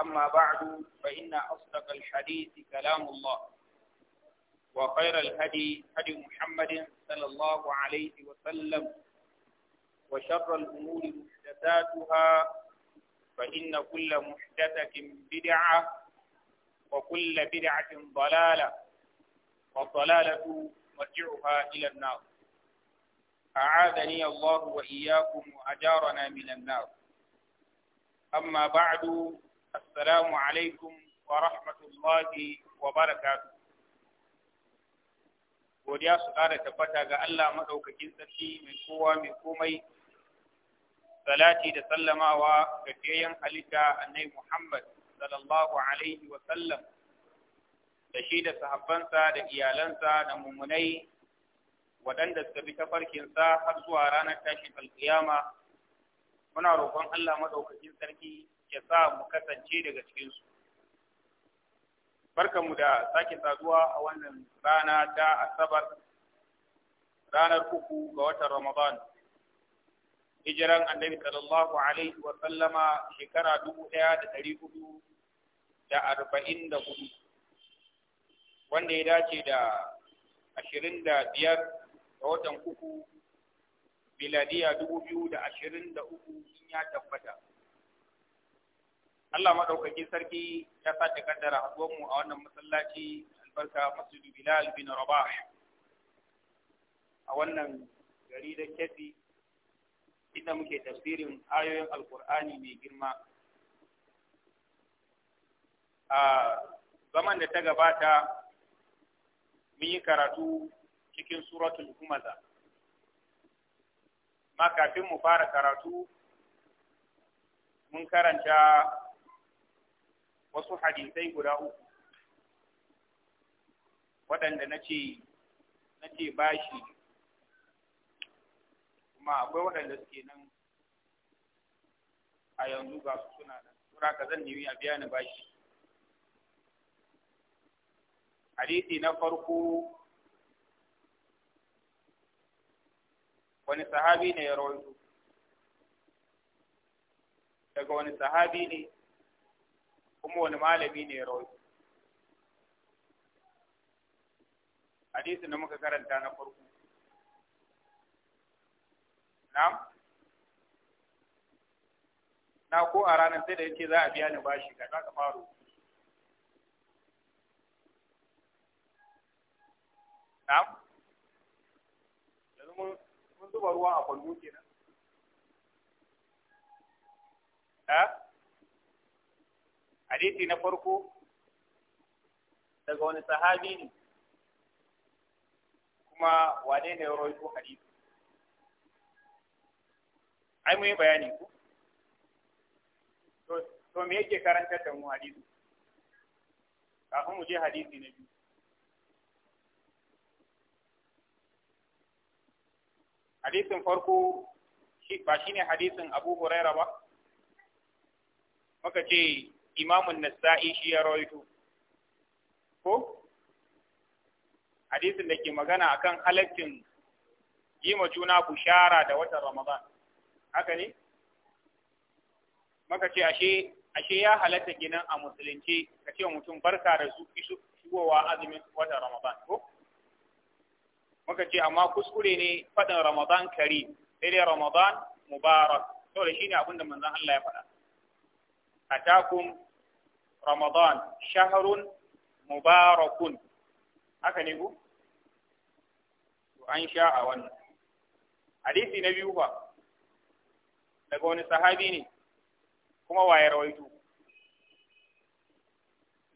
أما بعد فإن أصدق الحديث كلام الله وخير الهدي هدي محمد صلى الله عليه وسلم وشر الأمور محدثاتها فإن كل محدثة بدعة وكل بدعة ضلالة والضلالة مرجعها إلى النار أعاذني الله وإياكم وأجارنا من النار أما بعد السلام عليكم ورحمة الله وبركاته godiya su ƙara tabbata ga Allah maɗaukakin sarki mai kowa mai komai salati da sallamawa ga fiyayen halitta annai Muhammad sallallahu alaihi wa sallam da shi da sahabbansa da iyalansa da mummunai waɗanda suka bi tafarkinsa har zuwa ranar tashin alƙiyama muna roƙon Allah maɗaukakin sarki ya sa mu kasance daga cikinsu. Barkanmu da sake saduwa a wannan rana ta Asabar, ranar uku ga watan Ramadan. Hijiran annabi sallallahu Alaihi wa sallama shekara dubu ɗaya da ɗari hudu da arba'in da hudu, wanda ya dace da ashirin da biyar ga watan uku biladiya dubu biyu da ashirin da uku in ya tabbata. Allah maɗaukakin sarki ya sace kaddara mu a wannan masallaci albarka masjidu Bilal bin Rabah a wannan gari da kefi inda muke tafsirin ayoyin alkur'ani mai girma a zaman da ta gabata mun yi karatu cikin suratul humaza ma kafin mu fara karatu mun karanta wasu hadisai guda uku waɗanda na ce ba shi. kuma akwai waɗanda suke nan a yanzu ga su suna nan sura ka zan nemi a biya ni ba shi. hadisi na farko wani sahabi ne ya rawaito daga wani sahabi ne kuma wani malami ne ya hadisi hadisin da muka karanta na farko na na ko a ranar sai da yake za a biya ni bashi ga ka faro na yanzu mun zuba ruwa a kwallo kenan eh hadisi na farko daga wani sahabi ne kuma wane ne ya ko hadisi ai mu yi bayani ku to me yake karantar da mu hadisi kafin mu je hadisi na biyu hadisin farko ba shine hadisin Abu Huraira ba muka ce imamun nasa'i shi ya rawaito ko hadisin da ke magana a kan yi ma juna kushara da watan ramadan haka ne maka ce ashe ya halatta ginin a musulunci ka ce mutum barka da su shigowa azumin watan ramadan ko Maka ce amma kuskure ne faɗin ramadan kari sai dai ramadan mubarak saboda shine abin da manzon Allah ya faɗa atakum ramadan shahrun mubarakun haka ne ku an sha a wannan hadisi na biyu fa daga wani sahabi ne kuma waye rawaitu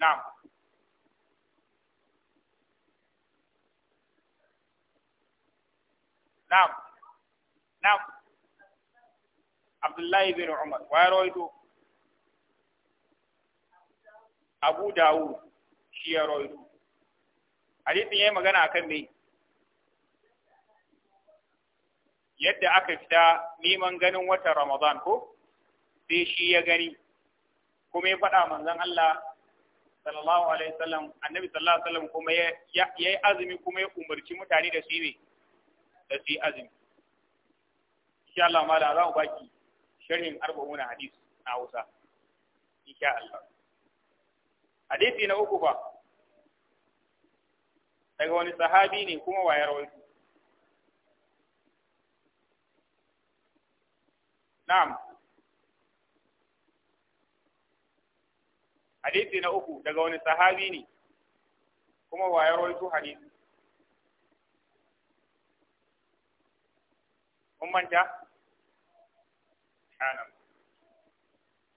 na'am na'am na'am abdullahi bin umar waye rawaitu Abu Dawud shi ya hadithin ya yi magana a kan ne? yadda aka fita neman ganin wata Ramadan ko sai shi ya gani kuma ya faɗa manzan Allah sallallahu alaihi wasallam annabi sallallahu alaihi wasallam kuma ya yi azumi kuma ya umarci mutane da su yi da su yi azumi insha Allah mala za mu baki sharhin arba'una hadith na Hausa insha Allah hadisi na uku ba daga wani sahabi ne kuma wayar wasu na'am hadisi na uku daga wani sahabi ne kuma wayar wasu hadisi kun manta?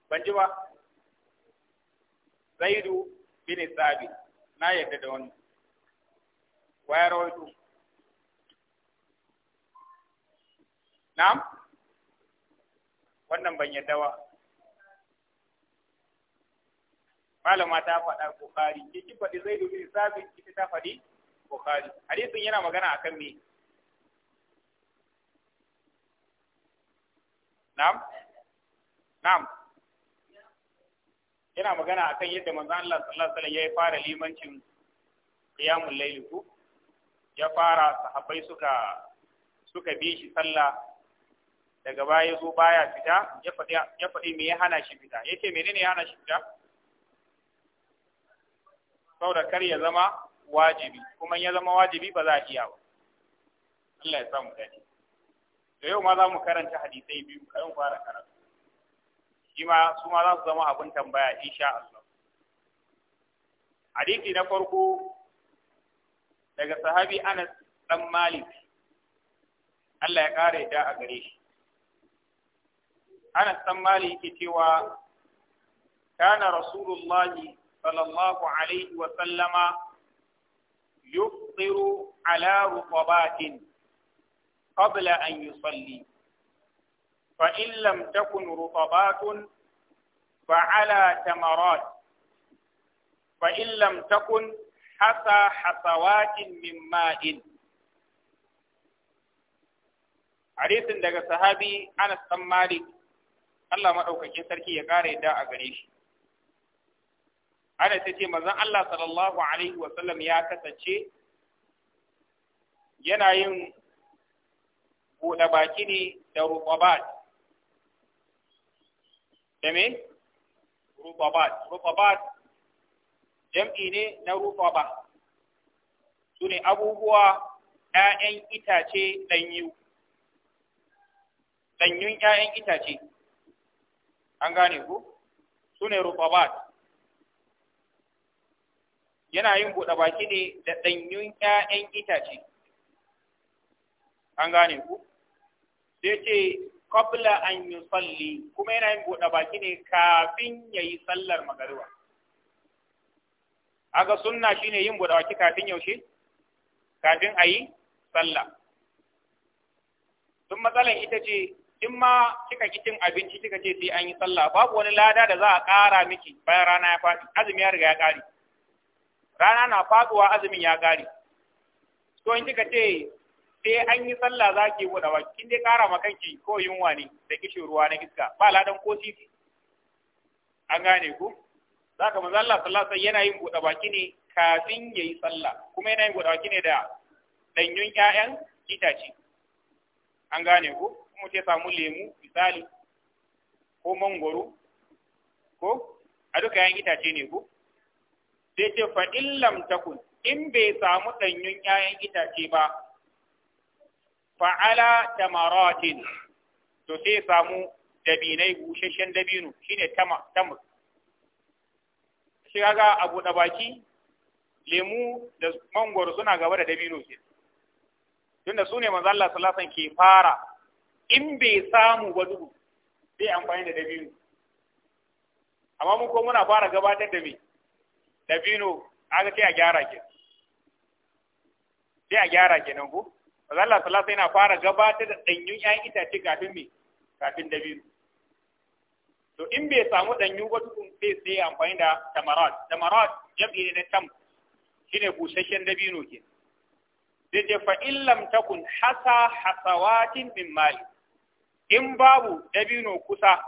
ban ji ba zaidu bin sabit na yarda da wani. waya rawaito na'am wannan ban yadda ba malama ta faɗa bukhari ke ki faɗi zaidu bin sabit ki ta faɗi bukhari hadisin yana magana akan me na'am na'am yana magana a kan yadda manzan Allah sallallahu alaihi wasallam ya fara limancin kiyamun Lailuku, ya fara sahabbai suka suka bi shi sallah daga baya zo baya fita ya faɗi me ya hana shi fita yace menene ya hana shi fita saboda kar ya zama wajibi kuma ya zama wajibi ba za a iya ba Allah ya samu gani da yau ma za mu karanta hadisai biyu kayan fara karatu shi ma su ma za su zama abin tambaya insha Allah hadisi na farko daga sahabi Anas dan Malik Allah ya kare da a gare shi Anas dan Malik yake cewa kana Rasulullahi sallallahu alaihi wa sallama يفطر على رطبات قبل أن يصلي فإن لم تكن رطبات فعلى تمرات فإن لم تكن حصى حصوات من ماء حديث daga sahabi Anas dan Malik Allah madaukakin sarki ya kare da a gare shi Anas yace manzon Allah sallallahu alaihi wa ya kasance yana yin buɗe baki ne da ruqabat da me rubabat rubabat jam'i ne na rubaba Sune abubuwa ‘ya'yan itace ɗanyu ɗanyun ‘ya'yan itace an gane ku Sune ne rubabat yana yin buɗe baki ne da ɗanyun ‘ya'yan itace an gane ku sai ce qabla an yusalli kuma yana yin buɗe baki ne kafin ya yayi sallar magariba aga sunna shine yin buɗe baki kafin yaushe kafin ayi sallah tun matsalar ita ce in ma kika ki cin abinci kika ce sai an yi sallah babu wani lada da za a ƙara miki bayan rana ya faɗi azumi ya riga ya ƙare rana na faɗuwa azumin ya ƙare so in kika ce sai an yi sallah za ki buɗe ba kin dai kara ma kanki ko yunwa ne da kishin ruwa na iska ba ladan ko titi an gane ku zaka manzo Allah sallallahu alaihi yana yin buɗe baki ne kafin yayi sallah kuma yana yin buɗe baki ne da danyun ƴaƴan itace an gane ku kuma sai samu lemu misali ko mangoro ko a duka ƴaƴan itace ne ku sai ce fa in takun in bai samu danyun ƴaƴan itace ba fa'ala tamaratin to sai samu dabinai bushashen dabino shine tamus shi ga abu da baki lemu da mangoro suna gaba da dabino ke tunda su ne manzo Allah ke fara in bai samu ba dubu sai amfani da dabino amma mun ko muna fara gabatar da me dabino aka ce a gyara ke sai a gyara nan ko Maza Allah sallallahu yana fara gabatar da ɗanyun ‘ya'yan itace kafin me kafin dabino. To in bai samu ɗanyu ba tukun sai sai amfani da tamarat. Tamarat jam'i ne na tam shine busasshen dabino ke. sai ce fa in lam takun hasa hasawatin min mali. In babu dabino kusa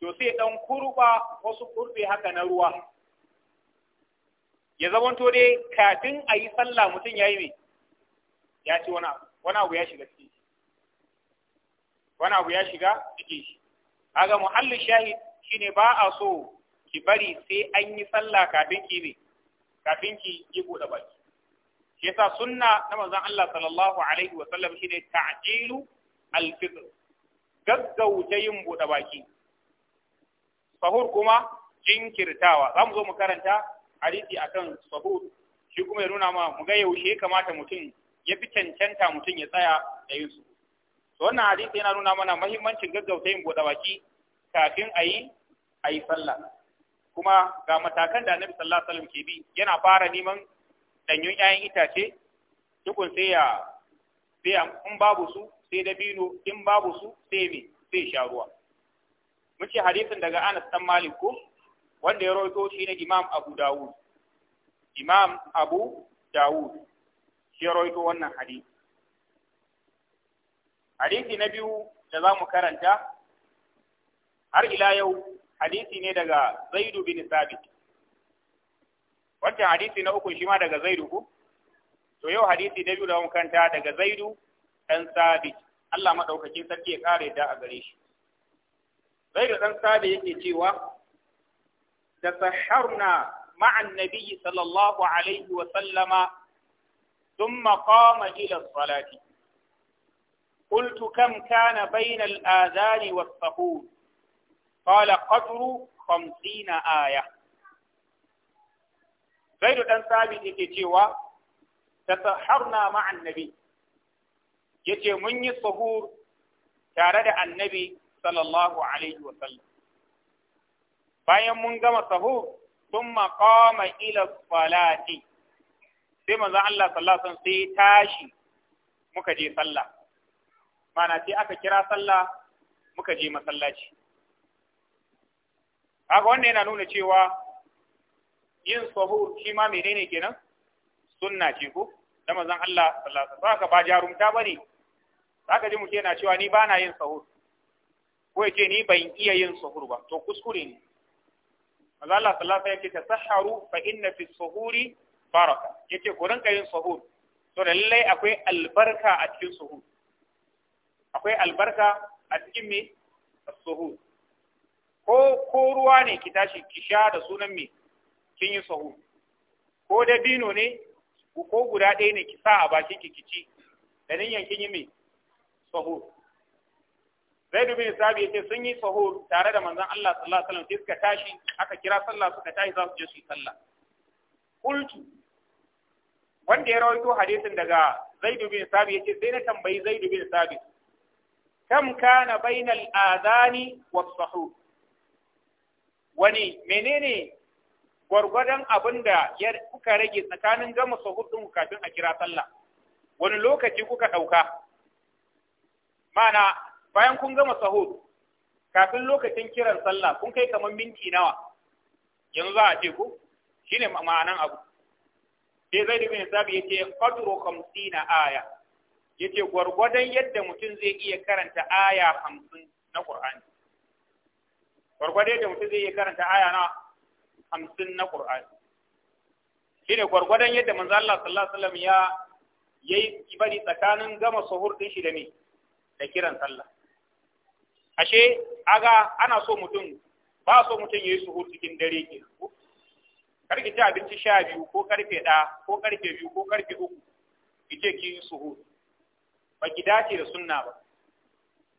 to sai ɗan kurba wasu kurɓe haka na ruwa. Ya zamanto dai kafin a yi sallah mutum ya yi mai ya ce wani abu ya shiga cikin shi wani abu ya shiga cikin shi kaga muhallin shahid shine ba a so ki bari sai an yi sallah kafin ki ne kafin ki yi buɗe baki shi yasa sunna na mazan Allah sallallahu alaihi wa sallam shine ta'jilu al-fitr gaggauta yin buɗe baki sahur kuma jinkirtawa za mu zo mu karanta hadisi akan sahur shi kuma ya nuna ma mu ga yaushe kamata mutum ya fi cancanta mutum ya tsaya da yin su to wannan hadisi yana nuna mana mahimmancin gaggauta yin buɗe baki kafin a yi a yi sallah kuma ga matakan da annabi sallallahu alaihi wasallam ke bi yana fara neman danyun 'ya'yan itace dukun sai ya sai in babu su sai dabino in babu su sai me sai sha ruwa hadisin daga Anas dan Malik ko wanda ya rawaito shi ne Imam Abu Dawud Imam Abu Dawud ya rawaito wannan hadisi hadisi na biyu da za mu karanta har ila yau hadisi ne daga zaidu bin sabit wancan hadisi na uku shi ma daga zaidu ku to yau hadisi na biyu da mu karanta daga zaidu dan sabit Allah madaukakin sarki ya kare da a gare shi zaidu dan sabit yake cewa tasahharna ma'an nabiyyi sallallahu alaihi wa sallama ثم قام إلى الصلاة قلت كم كان بين الآذان والسحور قال قدر خمسين آية زيد بن ثابت يكي تسحرنا مع النبي yace mun yi sahur tare da annabi sallallahu alaihi wa sallam bayan mun gama sahu sun qama ila salati sai manzo Allah sallallahu alaihi wasallam sai tashi muka je sallah mana sai aka kira sallah muka je masallaci haka wannan yana nuna cewa yin sahur shi ma menene kenan sunna ce ko da manzon Allah sallallahu alaihi wasallam ba jarumta bane zaka ji muke yana cewa ni bana yin sahur ko yake ni ban iya yin sahur ba to kuskure ne manzon Allah sallallahu alaihi wasallam yake tasahharu fa inna fi suhuri baraka yace ku rinka yin suhur to da lallai akwai albarka a cikin suhur akwai albarka a cikin me suhur ko ko ruwa ne ki tashi ki sha da sunan me kin yi suhur ko dabino ne ko guda ɗaya ne ki sa a bakin ki kici da niyan kin yi me suhur dubi ne Sabi yace sun yi sahur tare da manzon Allah sallallahu alaihi wasallam sai suka tashi aka kira sallah suka tashi za su je su yi sallah. Qultu wanda ya rawaito hadisin daga Zaid bin Sabit yace sai na tambayi Zaid bin Sabit kam kana bainal adhani was sahur wani menene gwargwadon abin da ya kuka rage tsakanin gama sahur din kafin a kira sallah wani lokaci kuka dauka mana bayan kun gama sahur kafin lokacin kiran sallah kun kai kamar minti nawa yanzu za a ce ku shine ma'anan abu sai zai bin zabi yake qadru 50 aya yake gwargwadon yadda mutum zai iya karanta aya 50 na Qur'ani gwargwadon yadda mutum zai iya karanta aya na 50 na Qur'ani shine gwargwadon yadda manzo Allah sallallahu alaihi wasallam ya yayi ibadi tsakanin gama suhur din shi da ni da kiran sallah ashe aga ana so mutum ba so mutum yayi suhur cikin dare ke. karki ci abinci sha biyu ko karfe ɗaya ko karfe biyu ko karfe uku ki ce ki yi suhur ba ki dace da sunna ba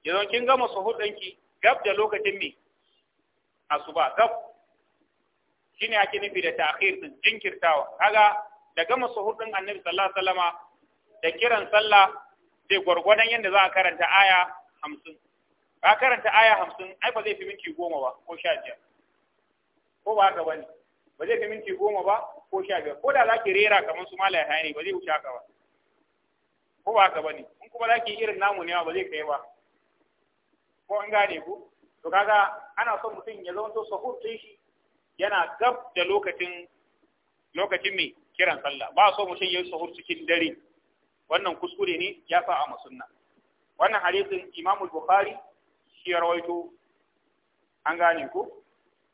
yanzu kin gama suhur ɗinki gab da lokacin me asuba gab shine ake nufi da ta'khir din jinkirtawa kaga da gama suhur din annabi sallallahu alaihi wasallama da kiran sallah sai gwargwadon yadda za a karanta aya hamsin ka karanta aya hamsin ai ba zai fi minti goma ba ko sha biyar ko ba haka bani? ba zai ka minti goma ba ko sha biyar ko da za ki rera kamar su malaya hayani ba zai wuce haka ba ko ba haka ba ne in kuma za ki irin namu ne ba zai kai ba ko an gane ku to kaga ana son mutum ya zama to sahur shi yana gab da lokacin lokacin mai kiran sallah ba so mutum ya yi sahur cikin dare wannan kuskure ne ya sa a masunna wannan hadisin Imam bukhari shi ya rawaito an gane ku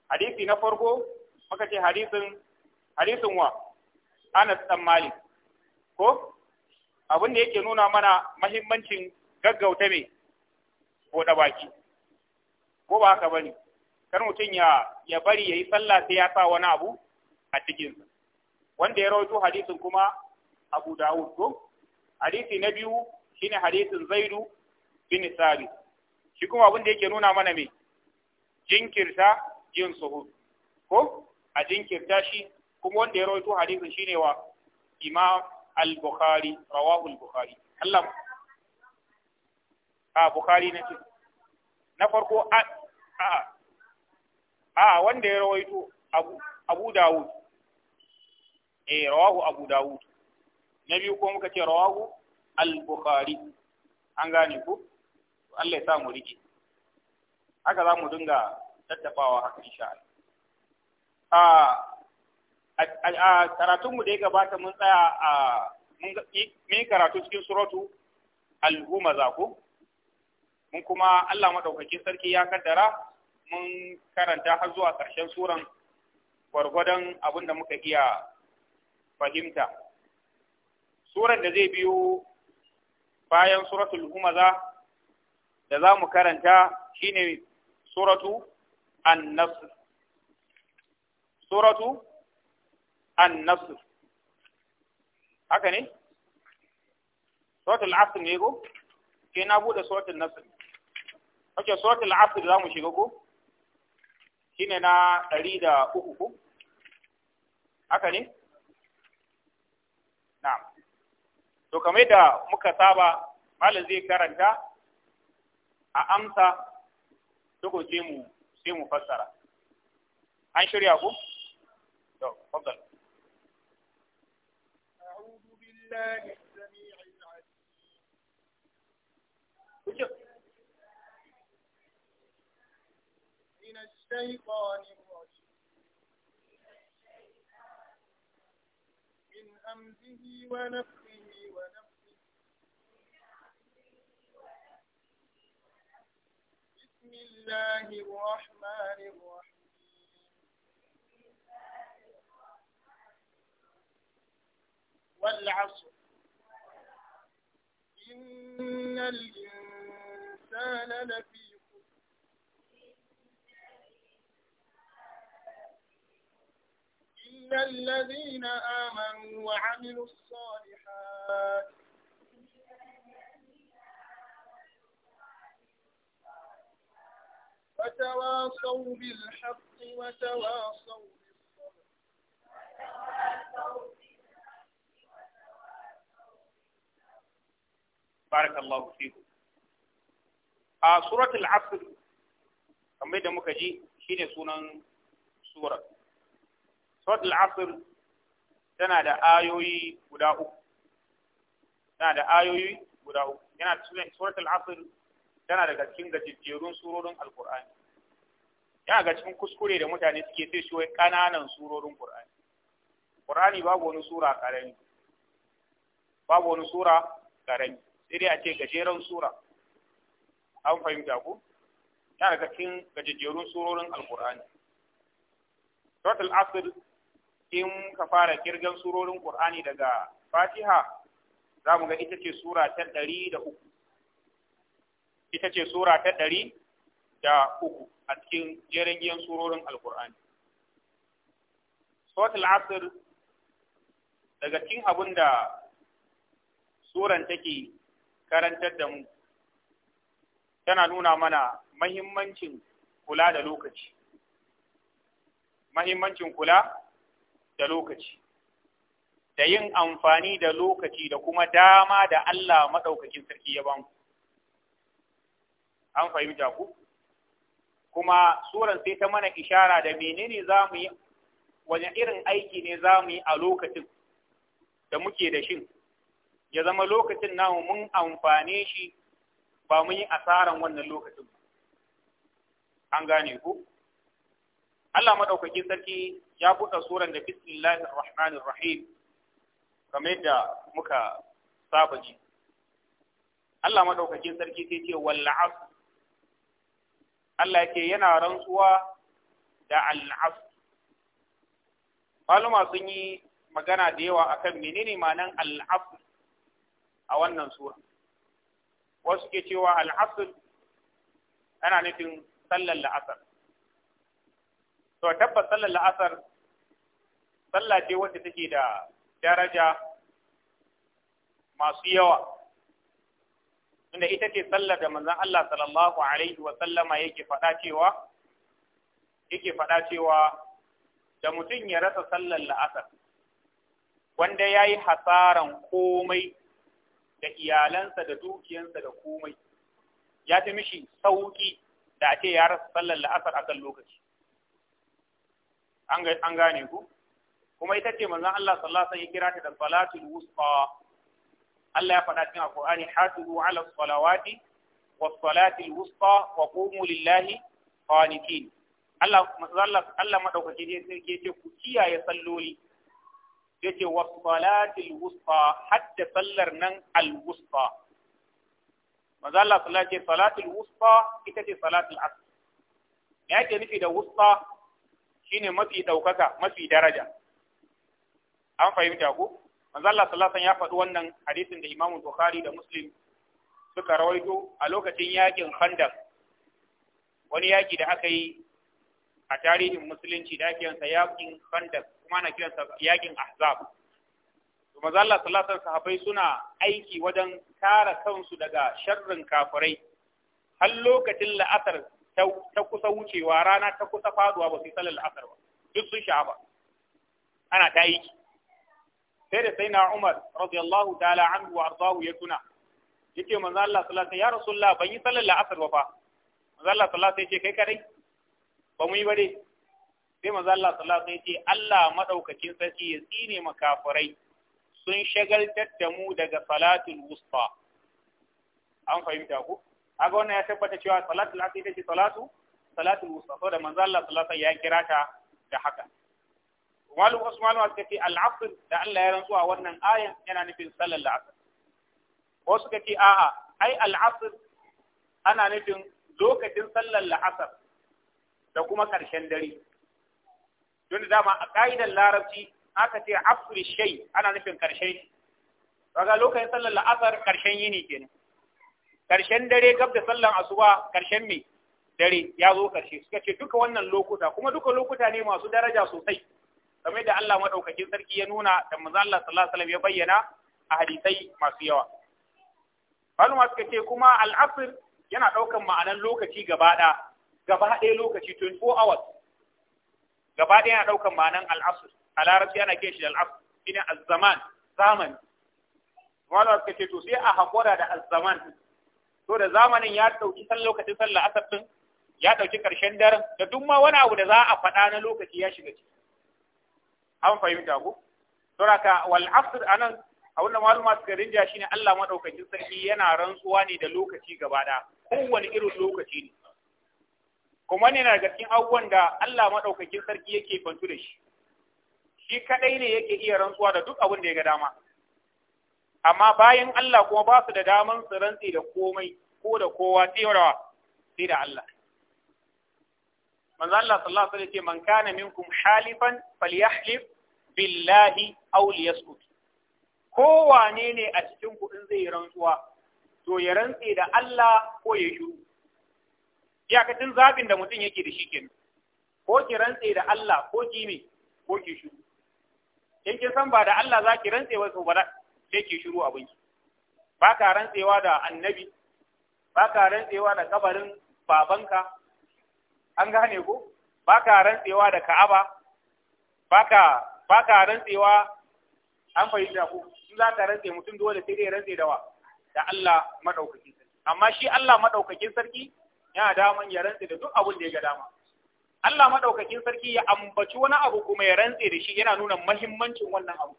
hadisi na farko muka ce hadisin hadisin wa Anas dan Malik ko abin da yake nuna mana mahimmancin gaggauta me da baki ko ba haka bane kar mutum ya ya bari yayi sallah sai ya sa wani abu a cikin wanda ya rawaito hadisin kuma Abu Dawud ko hadisi na biyu shine hadisin Zaidu bin Sabit shi kuma abin da yake nuna mana me jinkirta yin suhu ko a jinkirta shi kuma wanda ya rawaito hadisin shine wa imam al-bukhari rawahu al-bukhari Allah a bukhari ne na farko a a wanda ya rawaito abu abu dawud eh rawahu abu dawud na biyu ko muka ce rawahu al-bukhari an gane ku Allah ya sa mu rike haka za mu dinga tattabawa haka insha Allah a karatunmu da ya gabata mun tsaya a mun karatu cikin suratu al huma ko mun kuma Allah madaukake sarki ya kaddara mun karanta har zuwa ƙarshen suran gwargwadon abin muka iya fahimta suran da zai biyo bayan suratul humaza da za mu karanta shine suratu an-nasr suratu an haka ne suratul asr ne ko ke na bude suratul nasr ake suratul asr za mu shiga ko shine na ɗari da uku, ko haka ne Na. to kamar da muka saba malam zai karanta a amsa tukun sai mu fassara an shirya ku تفضل أعوذ بالله السميع العليم من الشيطان الرجيم من همزه ونفخه ونفخه بسم الله الرحمن الرحيم والعصر إن الإنسان لفي إلا الذين آمنوا وعملوا الصالحات وتواصوا بالحق وتواصوا بالصبر barakallahu fiku a suratul سورة العصر da muka ji shine sunan surar suratul asr تنا دا ayoyi تنا tana da ayoyi guda uku yana tana daga cikin gajejjerun surorin yana ga cikin kuskure da mutane suke sai shi kananan surorin qur'ani qur'ani babu wani sura karami babu wani sura karami sai dai a ce gajeren sura an fahimta ku ta daga cikin gajejjerun surorin alkur'ani total asir in ka fara kirgan surorin qur'ani daga fatiha za mu ga ita ce sura ta ɗari da uku ita ce sura ta ɗari da uku a cikin jerin giyan surorin alkur'ani total asir daga cikin abin da suran take karantar da mu tana nuna mana mahimmancin kula da lokaci mahimmancin kula da lokaci da yin amfani da lokaci da kuma dama da Allah maɗaukakin sarki ya bamu an fahimta ku kuma suran sai ta mana ishara da menene za mu yi wani irin aiki ne za mu yi a lokacin da muke da shin ya zama lokacin namu mun amfane shi ba mun yi asaran wannan lokacin an gane ku Allah madaukakin sarki ya buɗe suran da bismillahir rahmanir rahim kamar da muka saba ji Allah madaukakin sarki sai ce wal Allah yake yana rantsuwa da al Malama maluma sun yi magana da yawa akan menene ma'anan al a wannan sura wasu ke cewa al'asr ana nufin sallar la'asar to tabbas sallar la'asar sallah ce wadda take da daraja masu yawa inda ita ce sallar da manzon Allah sallallahu alaihi wa sallama yake faɗa cewa yake faɗa cewa da mutum ya rasa sallar la'asar wanda ya yi hasaran komai da iyalansa da dukiyansa da komai ya fi mishi sauki da ake ya rasa sallar la'asar a kan lokaci an gane ku kuma ita ce manzan Allah sallasa ya kira ta da salatul wusfa Allah ya faɗa cikin alqur'ani hasibu ala salawati was salatul wusfa wa qumu lillahi qanitin Allah Allah madaukaki ne sai ke ce ku kiyaye salloli ce wa salatil wusta hatta sallar nan al wusta manzo Allah sallallahu alaihi wusta ita ce salatil asr yake nufi da wusta shine mafi daukaka mafi daraja an fahimta ku manzo Allah ya faɗi wannan hadisin da Imam Bukhari da Muslim suka rawaito a lokacin yakin Khandaq wani yaki da aka yi a tarihin musulunci da ake yansa yakin Khandaq kuma ana kiransa yakin ahzab to manzo Allah sallallahu alaihi sahabbai suna aiki wajen kare kansu daga sharrin kafirai har lokacin la'asar ta kusa wucewa rana ta kusa faduwa ba su yi sallar la'asar ba duk sun sha'aba ana ta aiki sai da sai na Umar radiyallahu ta'ala anhu wa ardahu ya tuna yace manzo Allah sallallahu alaihi ya rasulullah ban yi sallar la'asar ba fa manzo Allah sallallahu alaihi ya ce kai kadai ba mu yi ba dai sai maza Allah sallallahu alaihi ce Allah maɗaukakin sarki ya tsine makafirai sun shagaltar da mu daga salatul wusta an fahimta ku aga wannan ya tabbata cewa salatul asr ita ce salatu salatul wusta so da manzo Allah sallallahu alaihi ya kira ta da haka walu usman wa kace al-asr da Allah ya rantsuwa wannan ayan yana nufin sallar asr wasu kace a'a ai al-asr ana nufin lokacin sallar asr da kuma ƙarshen dare don da dama a ƙa'idar larabci aka ce afri shai ana nufin karshen Raga lokacin sallar la'asar karshen yini kenan karshen dare gab da sallar asuba karshen me dare ya zo karshe suka ce duka wannan lokuta kuma duka lokuta ne masu daraja sosai kamar da Allah madaukakin sarki ya nuna da manzo Allah ya bayyana a hadisai masu yawa malama suka ce kuma al'asr yana daukan ma'anar lokaci gaba ɗaya gaba ɗaya lokaci 24 hours gaba ɗaya yana ɗaukan ma'anan al'asr a larabci ana ke shi al'asr shine az-zaman zamani wala suka ce to sai a haƙura da al'zaman. zaman to da zamanin ya ɗauki san lokacin sallah asar ɗin ya ɗauki ƙarshen daren da duk ma wani abu da za a faɗa na lokaci ya shiga ciki an fahimta ko to raka wal asr anan a wannan maluma suka rinja shine Allah madaukakin sarki yana rantsuwa ne da lokaci gaba ɗaya kowane irin lokaci ne kuma ne na cikin abubuwan da Allah maɗaukakin sarki yake kwantu da shi shi kaɗai ne yake iya rantsuwa da duk abin da ya ga dama amma bayan Allah kuma ba su da daman su rantse da komai ko da kowa tewarawa sai da Allah manzo Allah sallallahu alaihi wasallam ce man kana minkum halifan falyahlif billahi aw ko wane ne a cikin ku in zai rantsuwa to ya rantse da Allah ko ya shiru iyakacin zabin da mutum yake da shi kenan ko ki rantse da Allah ko ki ne ko ki shuru. in kin san ba da Allah za ki rantse wasu ba sai ki shiru abin ki ba ka rantsewa da annabi ba ka rantsewa da kabarin babanka an gane ko ba ka rantsewa da ka'aba ba ka ba ka rantsewa an fahimta ko in za ka rantse mutum dole sai dai rantse da wa da Allah madaukakin sarki amma shi Allah madaukakin sarki Na daman ya rantse da duk abin da ya ga dama Allah madaukakin sarki ya ambaci wani abu kuma ya rantse da shi yana nuna mahimmancin wannan abu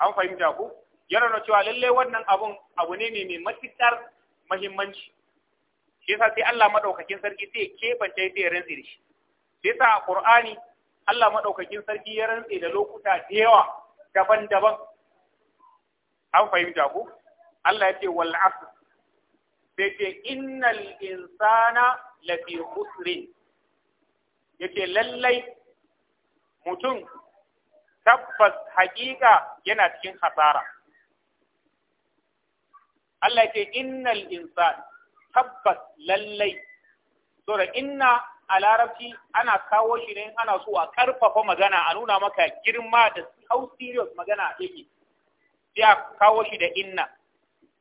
an fahimta ku yana nuna cewa lalle wannan abun abu ne mai matukar mahimmanci shi yasa sai Allah madaukakin sarki sai kebanta sai ya rantse da shi sai yasa Qur'ani Allah madaukakin sarki ya rantse da lokuta da yawa daban-daban an fahimta ku Allah ya ce wal asr yake innal insana lafi khusrin yake lallai mutum tabbas haƙiƙa yana cikin hasara Allah ce innal insan tabbas lallai saboda inna a larabci ana kawo shi ne ana so a karfafa magana a nuna maka girma da how serious magana yake sai a kawo shi da inna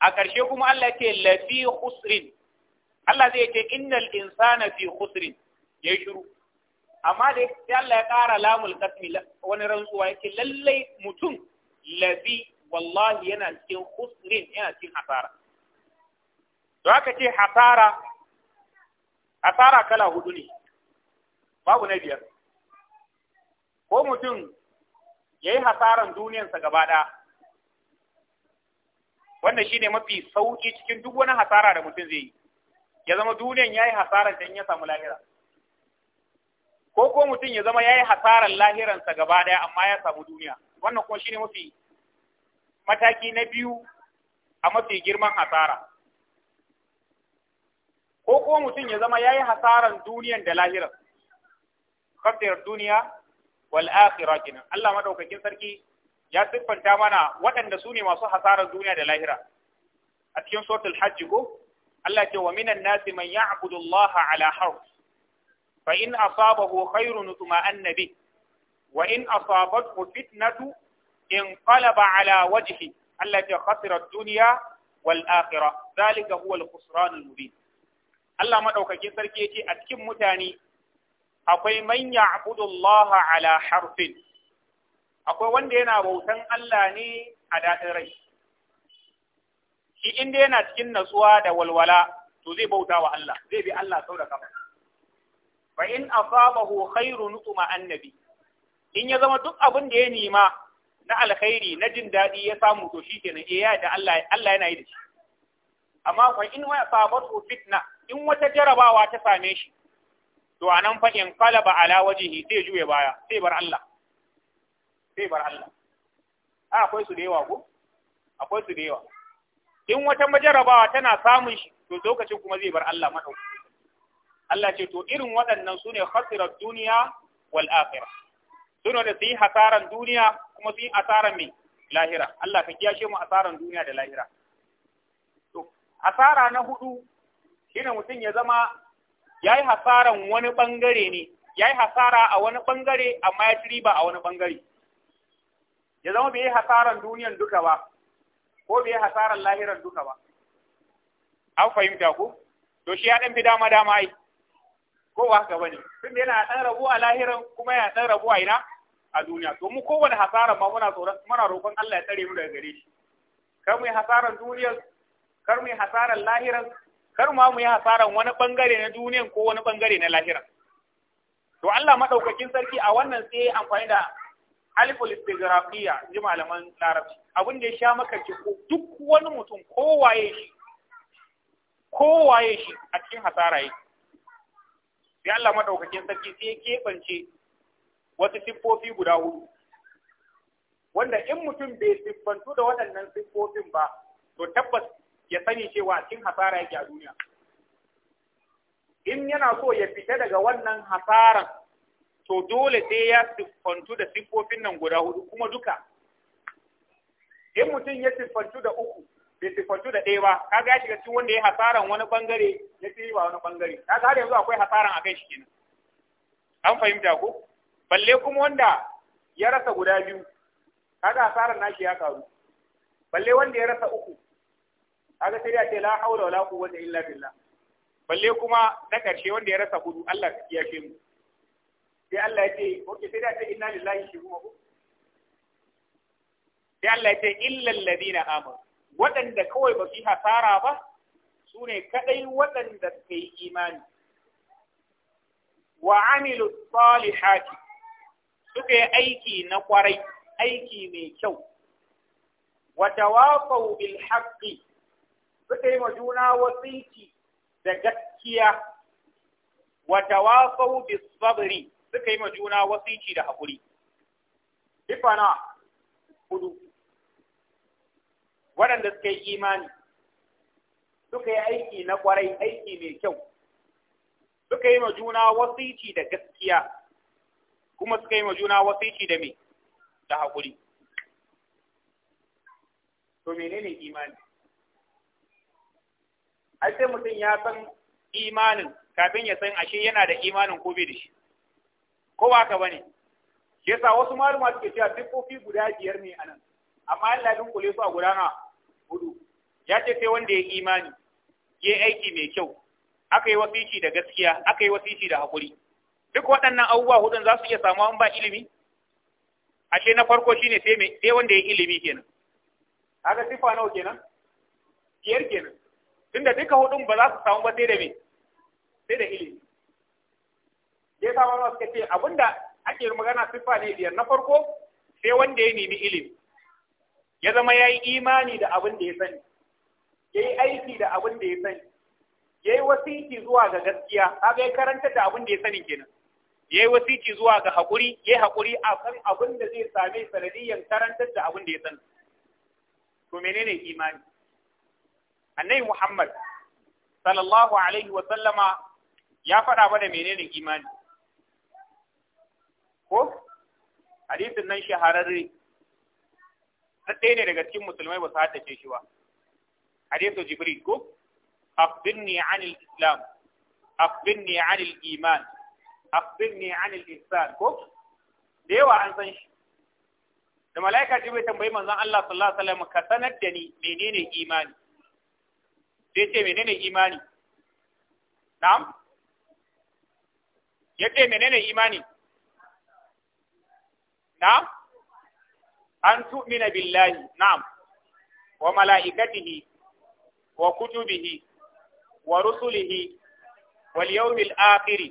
a ƙarshe kuma Allah ya ce lafi khusrin Allah zai ce innal insana fi khusrin yayi shiru amma da sai Allah ya ƙara lamul kasmi wani rantsuwa yake lallai mutum lafi wallahi yana cikin khusrin yana cikin hasara to aka ce hasara hasara kala hudu ne babu na biyar ko mutum yayi hasaran duniyarsa gaba wannan shine mafi sauki cikin duk wani hasara da mutum zai yi ya zama duniyan yayi hasaran da in ya samu lahira ko ko mutum ya zama yayi hasaran lahiransa gaba daya amma ya samu duniya wannan kuma shine mafi mataki na biyu a mafi girman hasara ko ko mutum ya zama yayi hasaran duniyan da lahiran kafir duniya wal akhirah kinan Allah madaukakin sarki ya siffanta mana waɗanda su ne masu hasarar duniya da lahira a cikin suratul hajji ko Allah ce wa minan nasi man ya'budu Allah ala harf fa in asabahu khairun tuma'anna annabi. wa in asabathu fitnatu inqalaba ala wajhi Allah ce khasira dunya wal akhirah zalika huwa al khusran al mubin Allah sarki yace a cikin mutane akwai man ya'budu Allah ala harfin akwai wanda yana bautan Allah ne a daɗin rai shi inda yana cikin natsuwa da walwala to zai bauta wa Allah zai bi Allah sau da kafa fa in asabahu khairun nutsu annabi in ya zama duk abin da ya nima na alkhairi na jin daɗi ya samu to shi kenan eh, ya da Allah yana yi da shi amma fa in wa asabatu fitna in wata jarabawa ta same shi to anan fa in qalaba ala wajhi sai juye baya sai bar Allah sai bar Allah a akwai su da yawa ko akwai su da yawa in wata majarabawa tana samun shi to lokacin kuma zai bar Allah madauki Allah ce to irin waɗannan sune khasirar duniya wal akhirah sune da su yi hasaran duniya kuma su yi asaran mai lahira Allah ka kiyashe mu asaran duniya da lahira to asara na hudu shine mutum ya zama yayi hasaran wani bangare ne yayi hasara a wani bangare amma ya riba a wani bangare ya zama bai yi hasaran duniyan duka ba ko bai yi hasaran lahiran duka ba an fahimta ku to shi ya dan fi dama dama ai ko ba ka bane tunda yana dan rabu a lahiran kuma yana dan rabu a ina a duniya to mu kowane hasaran ma muna tsoron muna roƙon Allah ya tsare mu daga gare shi kar mu yi hasaran duniyar kar mu yi hasaran lahiran kar ma mu yi hasaran wani bangare na duniyan ko wani bangare na lahiran to Allah madaukakin sarki a wannan sai amfani da Alifu istigrafiya ji malaman larabci abin da ya sha maka ko duk wani mutum kowaye shi kowaye shi a cikin hasara yake sai Allah madaukakin sarki sai ya keɓance wasu siffofi guda hudu wanda in mutum bai siffantu da waɗannan siffofin ba to tabbas ya sani cewa cikin hasara yake a duniya in yana so ya fita daga wannan hasaran to dole sai ya siffantu da siffofin nan guda hudu kuma duka in mutum ya siffantu da uku bai siffantu da ɗaya ba Ka ga ya shiga cikin wanda ya hasaran wani bangare ya ci ba wani bangare kaga har yanzu akwai hasaran akan shi kenan an fahimta ko balle kuma wanda ya rasa guda biyu ka ga hasaran nashi ya karu balle wanda ya rasa uku ga sai ya ce la haula wala quwwata illa billah balle kuma na ƙarshe wanda ya rasa hudu Allah ya kiyashe mu sai Allah ya ce oke sai da ce inna lillahi shi kuma sai Allah ya ce illal ladina amanu waɗanda kawai ba su hasara ba su ne kaɗai waɗanda suka yi imani wa amilu salihati suka yi aiki na kwarai aiki mai kyau wa tawafau bil haqqi suka yi juna wasiki da gaskiya wa tawafau bis sabri suka yi ma juna wasici da haƙuri ifana hudu waɗanda suka yi imani suka yi aiki na ƙwarai aiki mai kyau suka yi ma juna wasici da gaskiya kuma suka yi ma juna wasici da mai da haƙuri to menene imani ai sai mutum ya san imanin kafin ya san ashe yana da imanin ko bai da shi ko ba ka bane shi yasa wasu maluma suke cewa siffofi guda biyar ne anan amma Allah ya kule su a guda na hudu ya ce sai wanda ya yi imani ya yi aiki mai kyau aka yi wasici da gaskiya aka yi wasici da hakuri duk waɗannan abubuwa hudun za su iya samu an ba ilimi ashe na farko shine sai mai sai wanda ya yi ilimi kenan haka sifa nawa kenan biyar kenan tunda duka hudun ba za su samu ba sai da me sai da ilimi sai yasa malama suka ce abinda ake magana siffa ne biyar na farko sai wanda ya nemi ilimi ya zama ya yi imani da abin da ya sani ya yi aiki da abin da ya sani ya yi wasiki zuwa ga gaskiya kaga ya karanta da abin da ya sani kenan ya yi wasiki zuwa ga haƙuri ya yi haƙuri a kan abin da zai same sanadiyyar karantar da abin da ya sani to menene imani annabi muhammad sallallahu alaihi wa sallama ya faɗa mana menene imani ko hadisin nan shahararre ɗaya ne daga cikin musulmai ba su haddace shi ba hadisu jibril ko akhbirni anil islam akhbirni anil iman akhbirni anil islam ko da yawa an san shi da mala'ika bai tambayi manzon Allah sallallahu alaihi wasallam ka sanar da ni menene imani sai ce menene imani na'am yace menene imani na an tu'mina billahi na'am wa mala'ikatihi wa kutubihi wa rusulihi wal yawmil akhir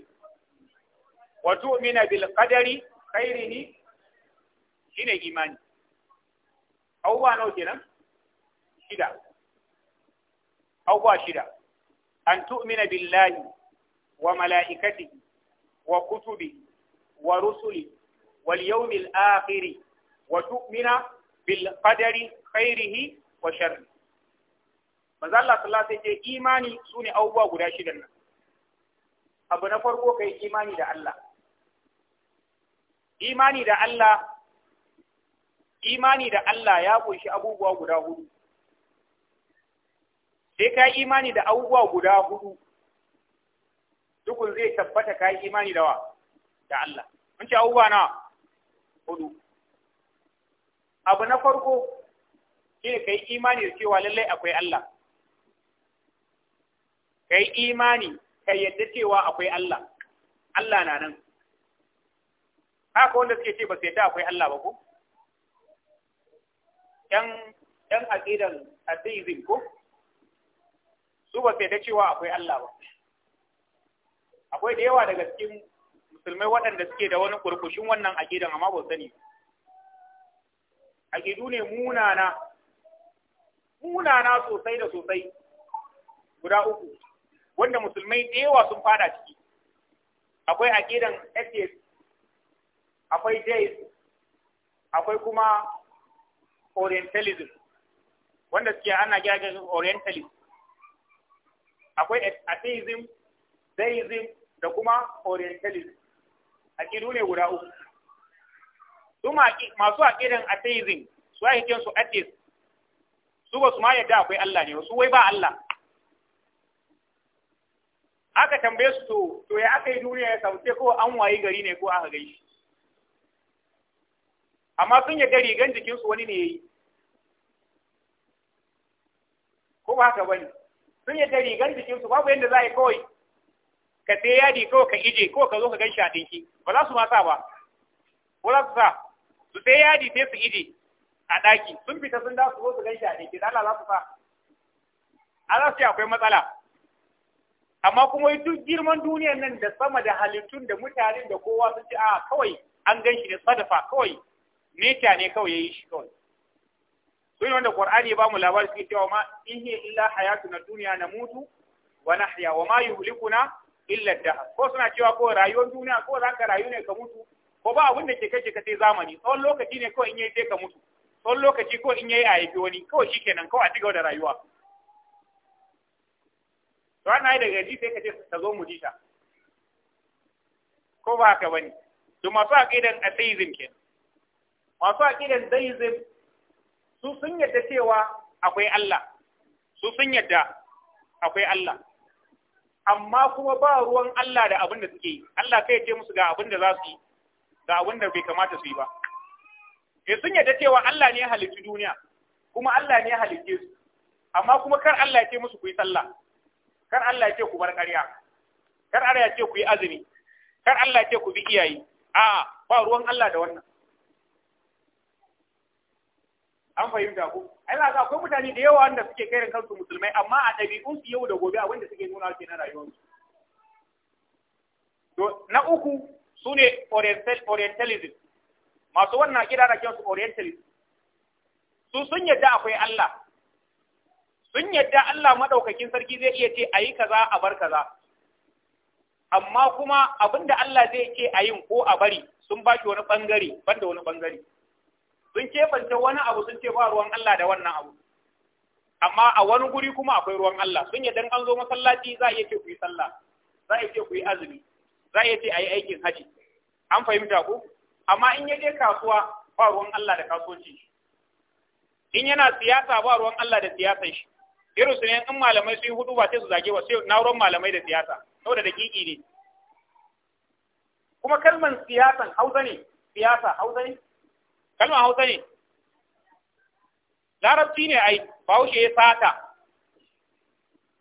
wa tu'mina bil qadari khairihi shine imani abubuwa nawa kenan shida abubuwa shida an tu'mina billahi wa mala'ikatihi wa kutubihi wa rusulihi wal yawmil akhir wa tu'mina bil qadari khairihi wa sharri manzo Allah sallallahu alaihi wasallam ce imani sune abubuwa guda shidan nan abu na farko kai imani da Allah imani da Allah imani da Allah ya kunshi abubuwa guda hudu sai ka imani da abubuwa guda hudu dukun zai tabbata ka imani da wa da Allah mun ce abubuwa nawa hudu abu na farko shine ka imani da cewa lallai akwai Allah yi imani ka yadda cewa akwai Allah Allah na nan haka wanda suke ce ba su yadda akwai Allah ba ko yan yan aqidan atheism ko su ba su yadda cewa akwai Allah ba akwai da yawa daga cikin musulmai waɗanda suke da wani kurkushin wannan aƙidan amma ba sani aƙidu ne munana munana sosai da sosai guda uku wanda musulmai ɗewa sun fada ciki akwai aƙidan atheist akwai deist akwai kuma orientalism wanda suke ana gyara orientalism akwai atheism deism da kuma orientalism aƙidu ne guda uku su masu aƙidan atheism su ake kinsu atheist su ba su ma yadda akwai Allah ne su wai ba Allah aka tambaye su to to ya aka yi duniya ya samu sai ko an wayi gari ne ko aka gaishi amma sun yadda rigan jikinsu wani ne ya yi ko ba haka ne? sun yadda rigan jikinsu babu yadda za a yi kawai ka sai yadi kawai ka ije kawai ka zo ka ganshi a dinki ba za su ma sa ba ko za su sa su sai yadi sai su ije a ɗaki, sun fita sun da su zo su ganshi a dinki da Allah za su sa a za su akwai matsala amma kuma duk girman duniyar nan da sama da halittun da mutanen da kowa sun ce a kawai an ganshi ne sadafa kawai neta ne kawai ya yi shi kawai sun wanda Qur'ani ya bamu labari suke cewa ma in hiya illa hayatuna dunya namutu wa nahya wa ma yuhlikuna illa da ko suna cewa ko rayuwar duniya ko za ka rayu ne ka mutu ko ba abin da ke kai ka sai zamani tsawon lokaci ne ko in yayi sai ka mutu tsawon lokaci ko in yayi a yafi wani kawai kenan kawai a cigaba da rayuwa to ana yi daga ji sai ka ce ta zo mu ji ta ko ba haka bane to masu aqidan atheism kenan masu aqidan deism su sun yadda cewa akwai Allah su sun yadda akwai Allah amma kuma ba ruwan Allah da abin da suke yi Allah kai ce musu ga abin da za su yi ga abin da bai kamata su yi ba Sai eh, sun yarda cewa Allah ne ya halicci duniya kuma Allah ne ya halicce su amma kuma kar Allah ya ce musu ku yi sallah kar Allah ya ce ku bar ƙarya kar Allah ya ce ku yi azumi kar Allah ya ce ku bi iyaye a'a ba ruwan Allah da wannan an fahimta ku ai za akwai mutane da yawa wanda suke kairin kansu musulmai amma a ɗabi'un su yau da gobe abin da suke nuna ke na rayuwarsu to na uku sune orientalism masu wannan kira da su orientalism su sun yadda akwai Allah sun yadda Allah madaukakin sarki zai iya ce ayi kaza a bar kaza amma kuma abinda Allah zai ce ayin ko a bari sun baki wani bangare banda wani bangare sun kefance wani abu sun ce ba ruwan Allah da wannan abu amma a wani guri kuma akwai ruwan Allah sun yadda an zo masallaci za a iya ce ku yi sallah za a iya ce ku yi azumi za a iya ce a yi aikin haji an fahimta ku amma in ya je kasuwa ba ruwan Allah da kasuwanci in yana siyasa ba ruwan Allah da siyasa shi irin su ne in malamai sun yi hudu ba sai su zage ba sai nauran malamai da siyasa saboda dakiki ne kuma kalmar siyasan hausa ne siyasa hausa ne kalma hausa ne larabci ne ai bahaushe ya sata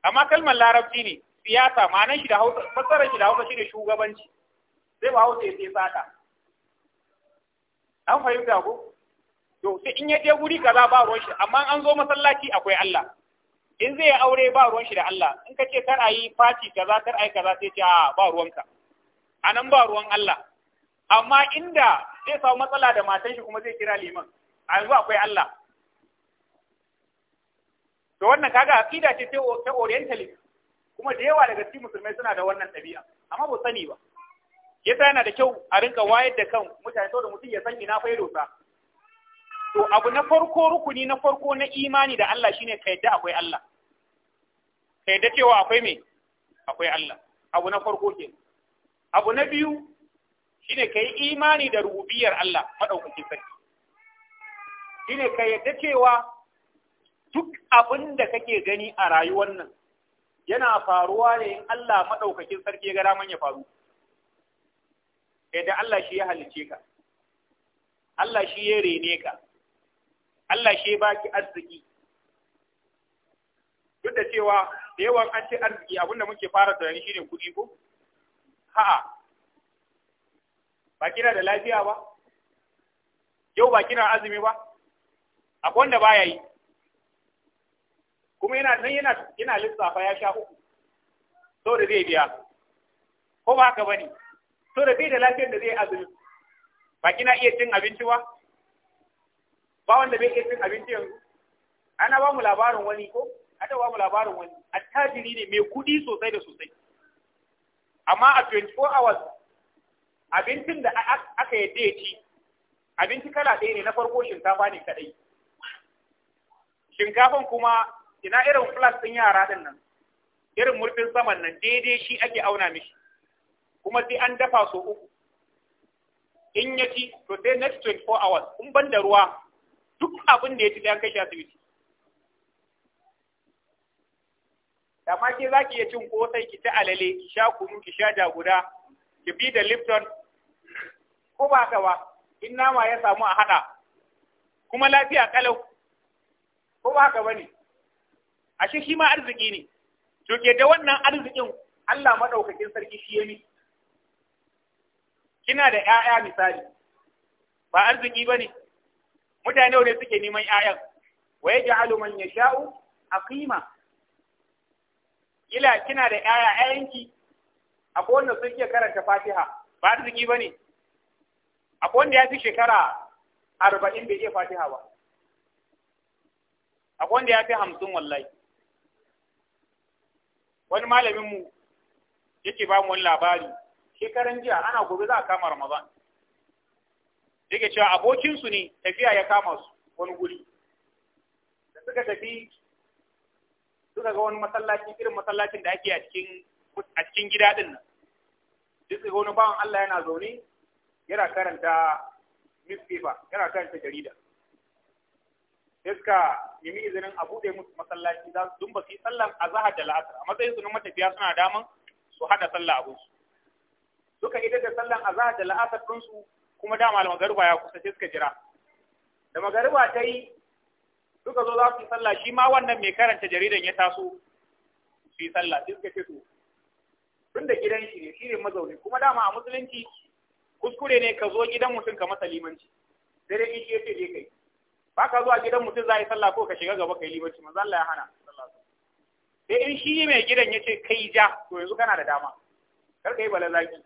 amma kalmar larabci ne siyasa ma'anar shi da hausa fassarar shi da hausa shi ne shugabanci sai bahaushe ya sata an fahimta ku to sai in ya je guri kaza ba ruwan shi amma an zo masallaci akwai Allah in zai aure ba ruwan shi da Allah in ka ce kar a yi fati kaza kar a yi kaza sai ce a ba ruwanka anan ba ruwan Allah amma inda zai samu matsala da matan shi kuma zai kira liman a yanzu akwai Allah to wannan kaga aqida ce ta orientalist kuma da yawa daga cikin musulmai suna da wannan ɗabi'a amma ba sani ba yasa yana da kyau a rinka wayar da kan mutane saboda mutum ya san ina fai dosa to abu na farko rukuni na farko na imani da Allah shine ka yadda akwai Allah ka yadda cewa akwai me akwai Allah abu na farko ke abu na biyu shine yi imani da rububiyar Allah maɗaukacin sarki shine ka yadda cewa duk abin da kake gani a rayuwar nan yana faruwa ne in Allah maɗaukacin sarki ya ga daman ya faru yadda Allah shi ya halice ka Allah shi ya rene ka Allah shi ya baki arziki duk da cewa da yawan an ce arziki abinda muke fara tunani shine kuɗi ko a'a ba kina da lafiya ba yau ba kina azumi ba akwai wanda baya yi kuma yana nan yana yana lissafa ya sha uku so da zai biya ko ba haka bane so da zai da lafiyar da zai azumi ba kina iya cin abinci ba ba wanda bai iya cin abinci yanzu ana ba mu labarin wani ko ana ba mu labarin wani attajiri ne mai kuɗi sosai da sosai amma a 24 hours abincin da aka yadda ya ci abinci kala ɗaya ne na farko shinkafa ne kaɗai shinkafan kuma ina irin flas ɗin yara ɗin nan irin murfin saman nan daidai shi ake auna mishi kuma sai an dafa so uku in ya ci to sai next 24 hours in ban da ruwa duk abin da ya ci da kai shi asibiti da ma ke za ki iya cin kosai ki ta alale ki sha kunu ki sha jaguda ki bi da lifton. ko ba ta ba in nama ya samu a haɗa kuma lafiya kalau ko ba haka ba ne ashe shi ma arziki ne to ke da wannan arzikin Allah maɗaukakin sarki shi ya kina da 'ya'ya misali ba arziki ba ne mutane ne suke neman 'ya'yan waye ya ji ya sha'u a kima ila kina da 'ya'ya 'ya'yanki a kowanne sun iya karanta fatiha ba arziki ba ne akwai wanda ya fi shekara arba'in bai iya fatiha ba akwai wanda ya fi hamsin wallahi wani malaminmu yake ba mu wani labari shekaran jiya ana gobe za a kama ramadan yake cewa abokinsu ne tafiya ya kama su wani guri da suka tafi suka ga wani masallaci irin masallacin da ake a cikin gida din nan duk wani bawan Allah yana zaune yana karanta newspaper yana karanta jarida sai suka nemi izinin a buɗe musu masallaci za su dumba su yi sallan azahar da la'asar a matsayin su na matafiya suna daman su haɗa sallah a su suka ita da sallan azahar da la'asar ɗinsu kuma dama magariba ya kusa sai suka jira da magariba ta yi suka zo za su yi sallah shi ma wannan mai karanta jaridan ya taso su yi sallah sai suka ce su tun da gidan shi ne shi ne mazauni kuma dama a musulunci kuskure ne ka zo gidan mutum ka masa limanci sai dai in ce je kai ba ka zuwa gidan mutum za a yi sallah ko ka shiga gaba kai limanci manzo Allah ya hana sai in shi mai gidan ya ce kai ja to yanzu kana da dama kar ka yi balazaki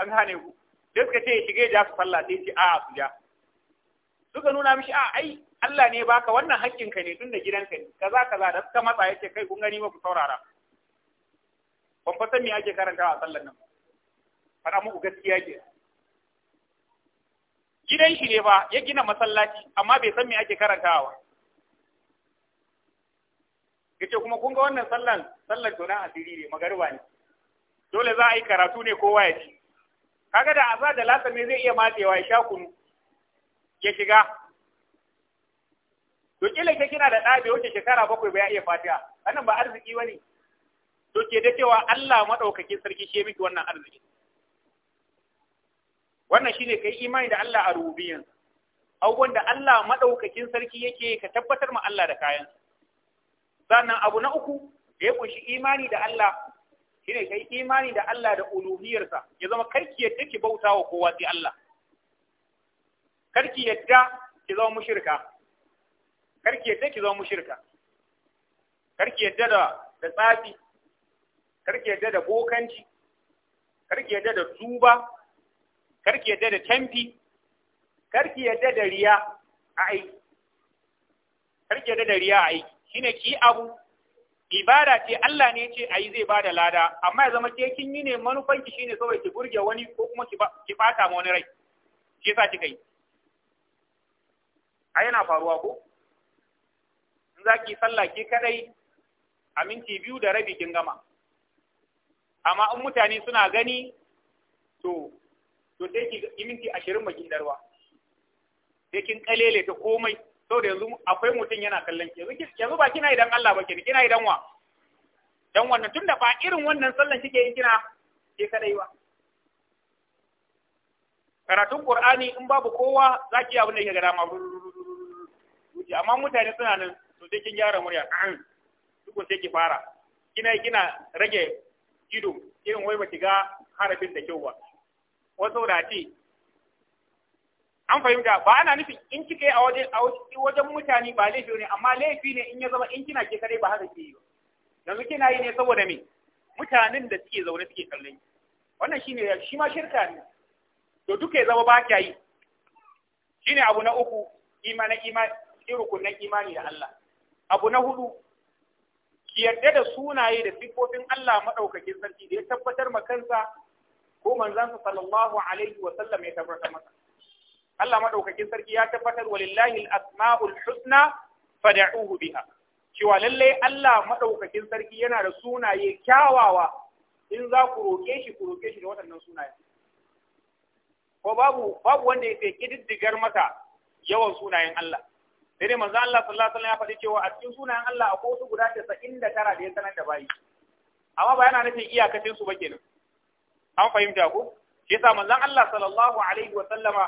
an hane ku da suka ce shige ja su sallah sai ce a su ja suka nuna mishi a ai Allah ne baka wannan haƙƙinka ne tunda gidanka ne kaza kaza da suka matsa yace kai kun gani ba ku saurara ban fa san me ake karantawa a sallar nan ba faɗa muku gaskiya ke gidan shi ne ba ya gina masallaci amma bai san me ake karantawa yace kuma kun ga wannan sallan sallan to na asiri ne magariba ne dole za a yi karatu ne kowa ya ci kaga da azza da lasa zai iya matsewa ya sha kunu ya shiga to kila ke kina da dabe wace shekara bakwai ba ya iya fatiha wannan ba arziki bane to ke da cewa Allah madaukakin sarki shi miki wannan arziki wannan shine yi imani da Allah a rububiyyan abubuwan da Allah maɗaukakin sarki yake ka tabbatar ma Allah da kayan sannan abu na uku da ya kunshi imani da Allah shine kai imani da Allah da uluhiyarsa ya zama karki yadda ki bauta wa kowa sai Allah karki yadda ki zama mushrika karki yadda ki zama mushrika karki yadda da da tsafi karki yadda da bokanci karki yadda da zuba karki yadda da tamfi karki yadda da riya a aiki karki yadda da riya a aiki shine ki abu ibada ce Allah ne ce ayi zai bada lada amma ya zama ke kin yi ne manufan ki shine saboda ki burge wani ko kuma ki fata ma wani rai shi yasa kika yi ai yana faruwa ko in za ki sallah ki kadai a minti biyu da rabi kin gama amma in mutane suna gani to to sai ki yi minti ashirin baki darwa sai kin kalele ta komai Sau da yanzu akwai mutum yana kallon ke yanzu ba kina idan Allah ba ke kina idan wa dan wannan da ba irin wannan sallan kike yi kina ke kadai ba karatun Qur'ani in babu kowa zaki abin da yake ga dama wuce amma mutane suna nan to sai kin gyara murya tukun sai ki fara kina kina rage ido irin wai ba ki ga harafin da kyau ba wasu wurare an fahimta ba ana nufin in kike a wajen wajen mutane ba laifi ne amma laifi ne in ya zama in kina ke kare ba haka ke yi ba yanzu kina yi ne saboda me mutanen da suke zaune suke kallon ki wannan shine shi ma shirka ne to duka ya zama ba kya yi shine abu na uku imani imani rukunin imani da Allah abu na hudu ki yarda da sunaye da sifofin Allah madaukakin sarki da ya tabbatar ma kansa ko sa sallallahu alaihi wa sallam ya tabbatar masa Allah madaukakin sarki ya tabbatar walillahi al-asma'ul husna fad'uhu biha cewa lalle Allah madaukakin sarki yana da sunaye kyawawa in za ku roke shi ku roke shi da waɗannan sunaye ko babu babu wanda ya sai kididdigar masa yawan sunayen Allah sai dai manzo Allah sallallahu alaihi wasallam ya faɗi cewa a cikin sunayen Allah akwai wasu guda 99 da ya sanar da bayi amma ba yana nufin iyakacin su ba kenan an fahimta ko shi yasa manzon Allah sallallahu alaihi wa sallama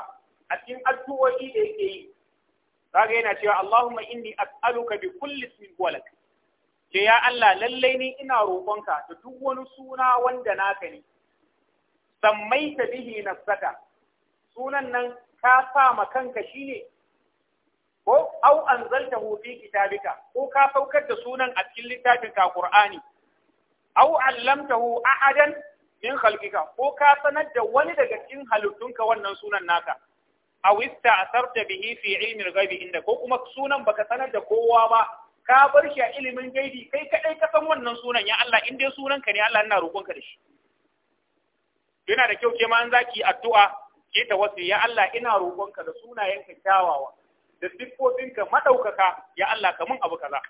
a cikin addu'o'i da yake yi kaga yana cewa Allahumma inni as'aluka bi kulli ismin huwa lak ke ya Allah lalle ne ina roƙonka da duk wani suna wanda naka ne sammaita bihi nafsaka sunan nan ka sa ma kanka shine ko au anzaltahu fi kitabika ko ka saukar da sunan a cikin littafin ka Qur'ani au allamtahu ahadan min khalqika ko ka sanar da wani daga cikin halittunka wannan sunan naka aw ista'sarta bihi fi ilmi al-ghaibi inda ko kuma sunan baka sanar da kowa ba ka bar shi a ilimin gaibi kai kaɗai, ka san wannan sunan ya Allah in dai sunan ka ne Allah ina roƙonka da shi yana da kyau ke ma an zaki addu'a ke ta wasu ya Allah ina roƙonka da sunayen kyawawa da siffofinka madaukaka ya Allah kamun abu kaza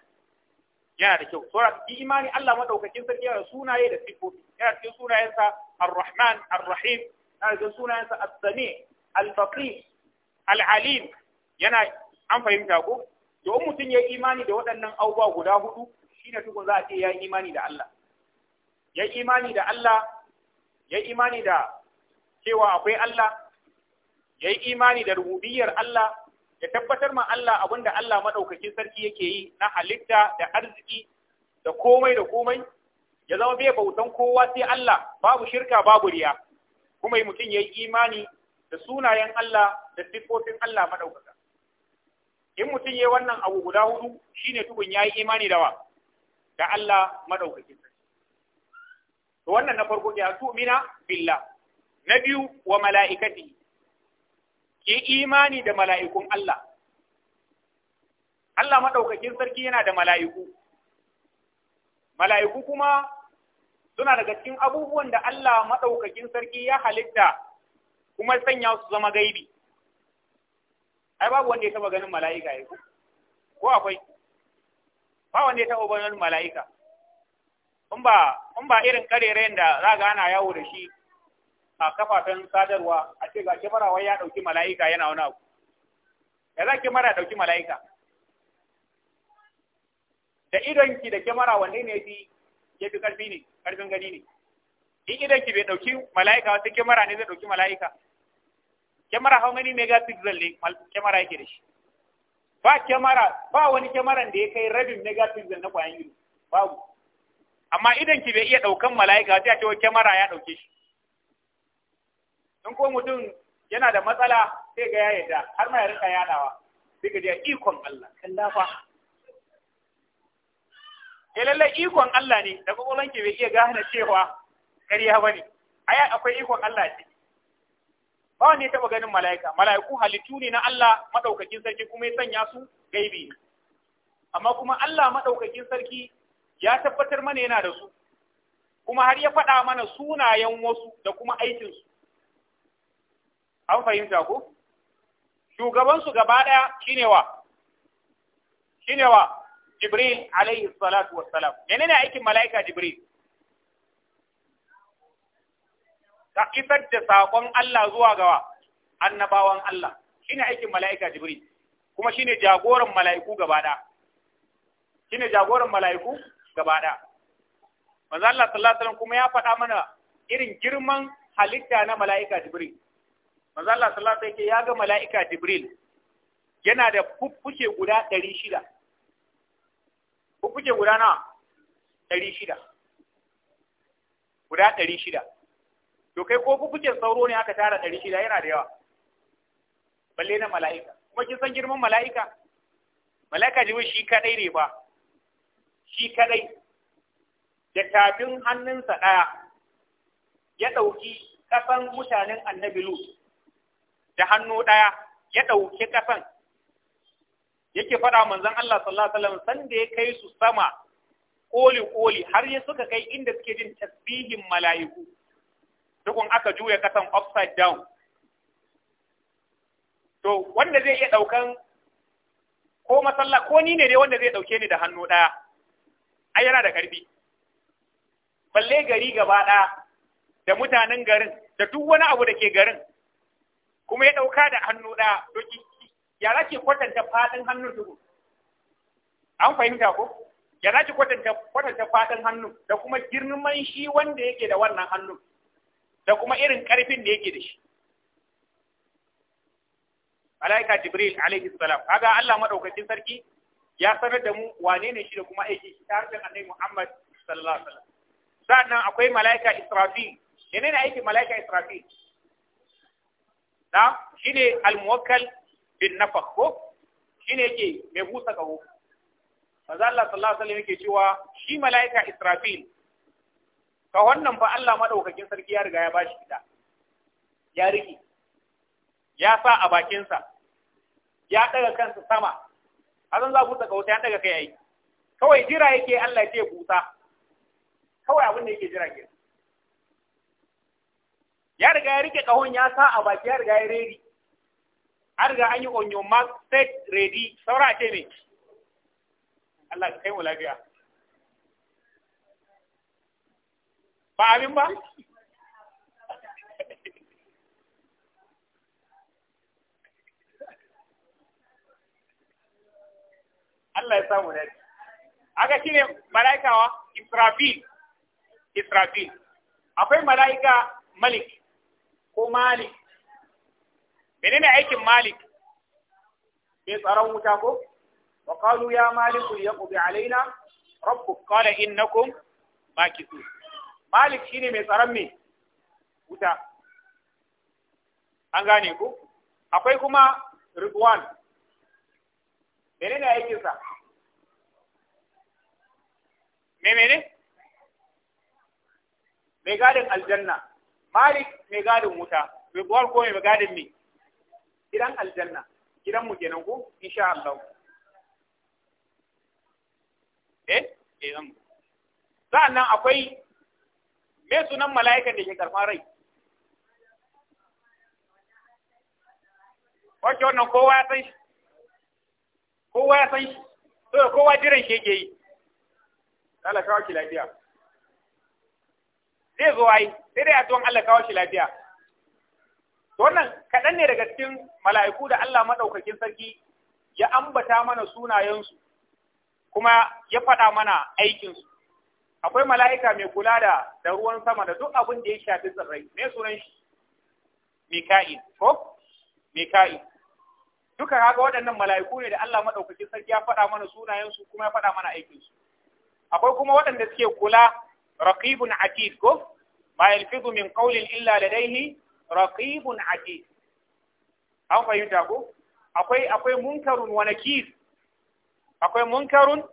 yana da kyau sura bi imani Allah madaukakin sarki yana sunaye da sifofi yana cikin sunayensa Ar-Rahman Ar-Rahim yana cikin sunayensa As-Sami Al-Faqih Al-Alim yana an fahimta ko to in mutum ya imani da waɗannan abubuwa guda hudu shine tukun za a ce ya imani da Allah ya imani da Allah ya imani da cewa akwai Allah ya imani da rububiyar Allah da tabbatar ma Allah abin da Allah maɗaukakin sarki yake yi na halitta da arziki da komai da komai ya zama bai bautan kowa sai Allah babu shirka babu riya kuma mutum ya yi imani da sunayen Allah da siffofin Allah maɗaukaka in mutum ya yi wannan abu guda hudu shine tukun ya yi imani da wa da Allah maɗaukakin sarki to wannan na farko ya tu'mina billah na biyu wa mala'ikati ki imani da mala'ikun Allah Allah maɗaukakin sarki yana da mala'iku mala'iku kuma suna daga cikin abubuwan da Allah maɗaukakin sarki ya halitta kuma sanya su zama gaibi ai babu wanda ya taba ganin mala'ika ya ko akwai ba wanda ya taba ganin mala'ika in ba in ba irin karerayen da za ga ana yawo da shi a kafafen sadarwa a ce ga kyamara wai ya ɗauki mala'ika yana wani abu da za kyamara ya ɗauki mala'ika da idonki da kyamara wanne ne fi ya fi karfi ne karfin gani ne in idonki bai ɗauki mala'ika wata kyamara ne zai ɗauki mala'ika kyamara gani mega megapixel ne kyamara yake da shi ba kyamara ba wani kyamaran da ya kai rabin mega megapixel na kwayan ido babu amma idonki bai iya daukan mala'ika sai a ce kyamara ya dauke shi in ko mutum yana da matsala sai ga ya yarda har ma ya rika yadawa sai ga ya ikon Allah kalla fa lalle ikon Allah ne da kokolan ke bai iya gane cewa ƙarya bane aya akwai ikon Allah ce ba wanda ya taba ganin mala'ika mala'iku halittu ne na Allah madaukakin sarki kuma ya sanya su gaibi amma kuma Allah madaukakin sarki ya tabbatar mana yana da su kuma har ya faɗa mana sunayen wasu da kuma aikinsu an fahimta ko shugabansu gaba ɗaya shine wa shine wa jibril alaihi salatu wassalam menene aikin mala'ika jibril ka isar da sakon Allah zuwa gawa annabawan Allah shine aikin mala'ika jibril kuma shine jagoran mala'iku gaba ɗaya shine jagoran mala'iku gaba ɗaya manzo Allah sallallahu alaihi wasallam kuma ya faɗa mana irin girman halitta na mala'ika jibril manzo Allah sallallahu alaihi wasallam ya ga mala'ika Jibril yana da fuffuke guda 600 fuffuke guda na 600 guda 600 to kai ko fuffuke sauro ne aka tara 600 yana da yawa balle na mala'ika kuma kin san girman mala'ika mala'ika ji shi kadai ne ba shi kadai da tafin hannunsa daya ya dauki kafan mutanen annabi Lut da hannu ɗaya ya ɗauki ƙasan yake faɗa manzon Allah sallallahu alaihi wasallam sanda ya kai su sama ƙoli-ƙoli har ya suka kai inda suke jin tasbihin mala'iku tukun aka juya ƙasan upside down to wanda zai iya ɗaukan ko masalla ko ni ne dai wanda zai ɗauke ni da hannu ɗaya ai yana da ƙarfi balle gari gaba ɗaya da mutanen garin da duk wani abu da ke garin kuma ya ɗauka da hannu ɗaya doki ya za ki kwatanta faɗin hannun su? an fahimta ko ya za ki kwatanta kwatanta faɗin hannun da kuma girman shi wanda yake da wannan hannun da kuma irin ƙarfin da yake da shi malaika jibril alaihi salam kaga Allah madaukakin sarki ya sanar da mu wane ne shi da kuma aiki shi ta harshen annabi Muhammad sallallahu alaihi wasallam sannan akwai malaika israfil menene aiki malaika israfil na shine ne muwakkal bin nafakh ko shine yake mai busa kawo manzo Allah sallallahu alaihi wasallam yake cewa shi malaika Israfil ka wannan fa Allah madaukakin sarki ya riga ya bashi ita ya riki ya sa a bakinsa ya daga kansa sama azan za busa kaho ya daga kai yayi kawai jira yake Allah ya busa kawai abin da yake jira ke ya riga ya rike kahon ya sa a baki ya riga ya ready an riga an yi on your mark set ready saura ce ne Allah ka kai mu lafiya ba abin ba Allah ya samu dace aka shine mala'ikawa Israfil Israfil akwai mala'ika Malik ko malik menene aikin malik bai tsaron wuta ko wa qalu ya malik yaqdi alaina rabbuk qala innakum makithun malik shine mai tsaron me wuta an gane ku akwai kuma ridwan menene aikin sa me menene mai gadin aljanna malik mai gadin wuta mai buwar ko mai gadin me gidan aljanna gidan mu kenan ko insha Allah eh eh zan nan akwai me sunan mala'ikan da ke karfan rai wacce wannan kowa ya san shi kowa ya san shi kowa jiran shi yake yi Allah kawo ki lafiya zai zo ai sai dai addu'an Allah kawo shi lafiya to wannan kaɗan ne daga cikin mala'iku da Allah madaukakin sarki ya ambata mana sunayensu kuma ya faɗa mana aikinsu akwai mala'ika mai kula da da ruwan sama da duk abin da ya shafi tsirrai me sunan shi mika'il ko mika'il duka kaga waɗannan mala'iku ne da Allah madaukakin sarki ya faɗa mana sunayensu kuma ya faɗa mana aikinsu akwai kuma waɗanda suke kula raqibun atid ko ma yalfizu min qawlin illa ladayhi raqibun atid an fahimta ko akwai akwai munkarun wa nakir akwai munkarun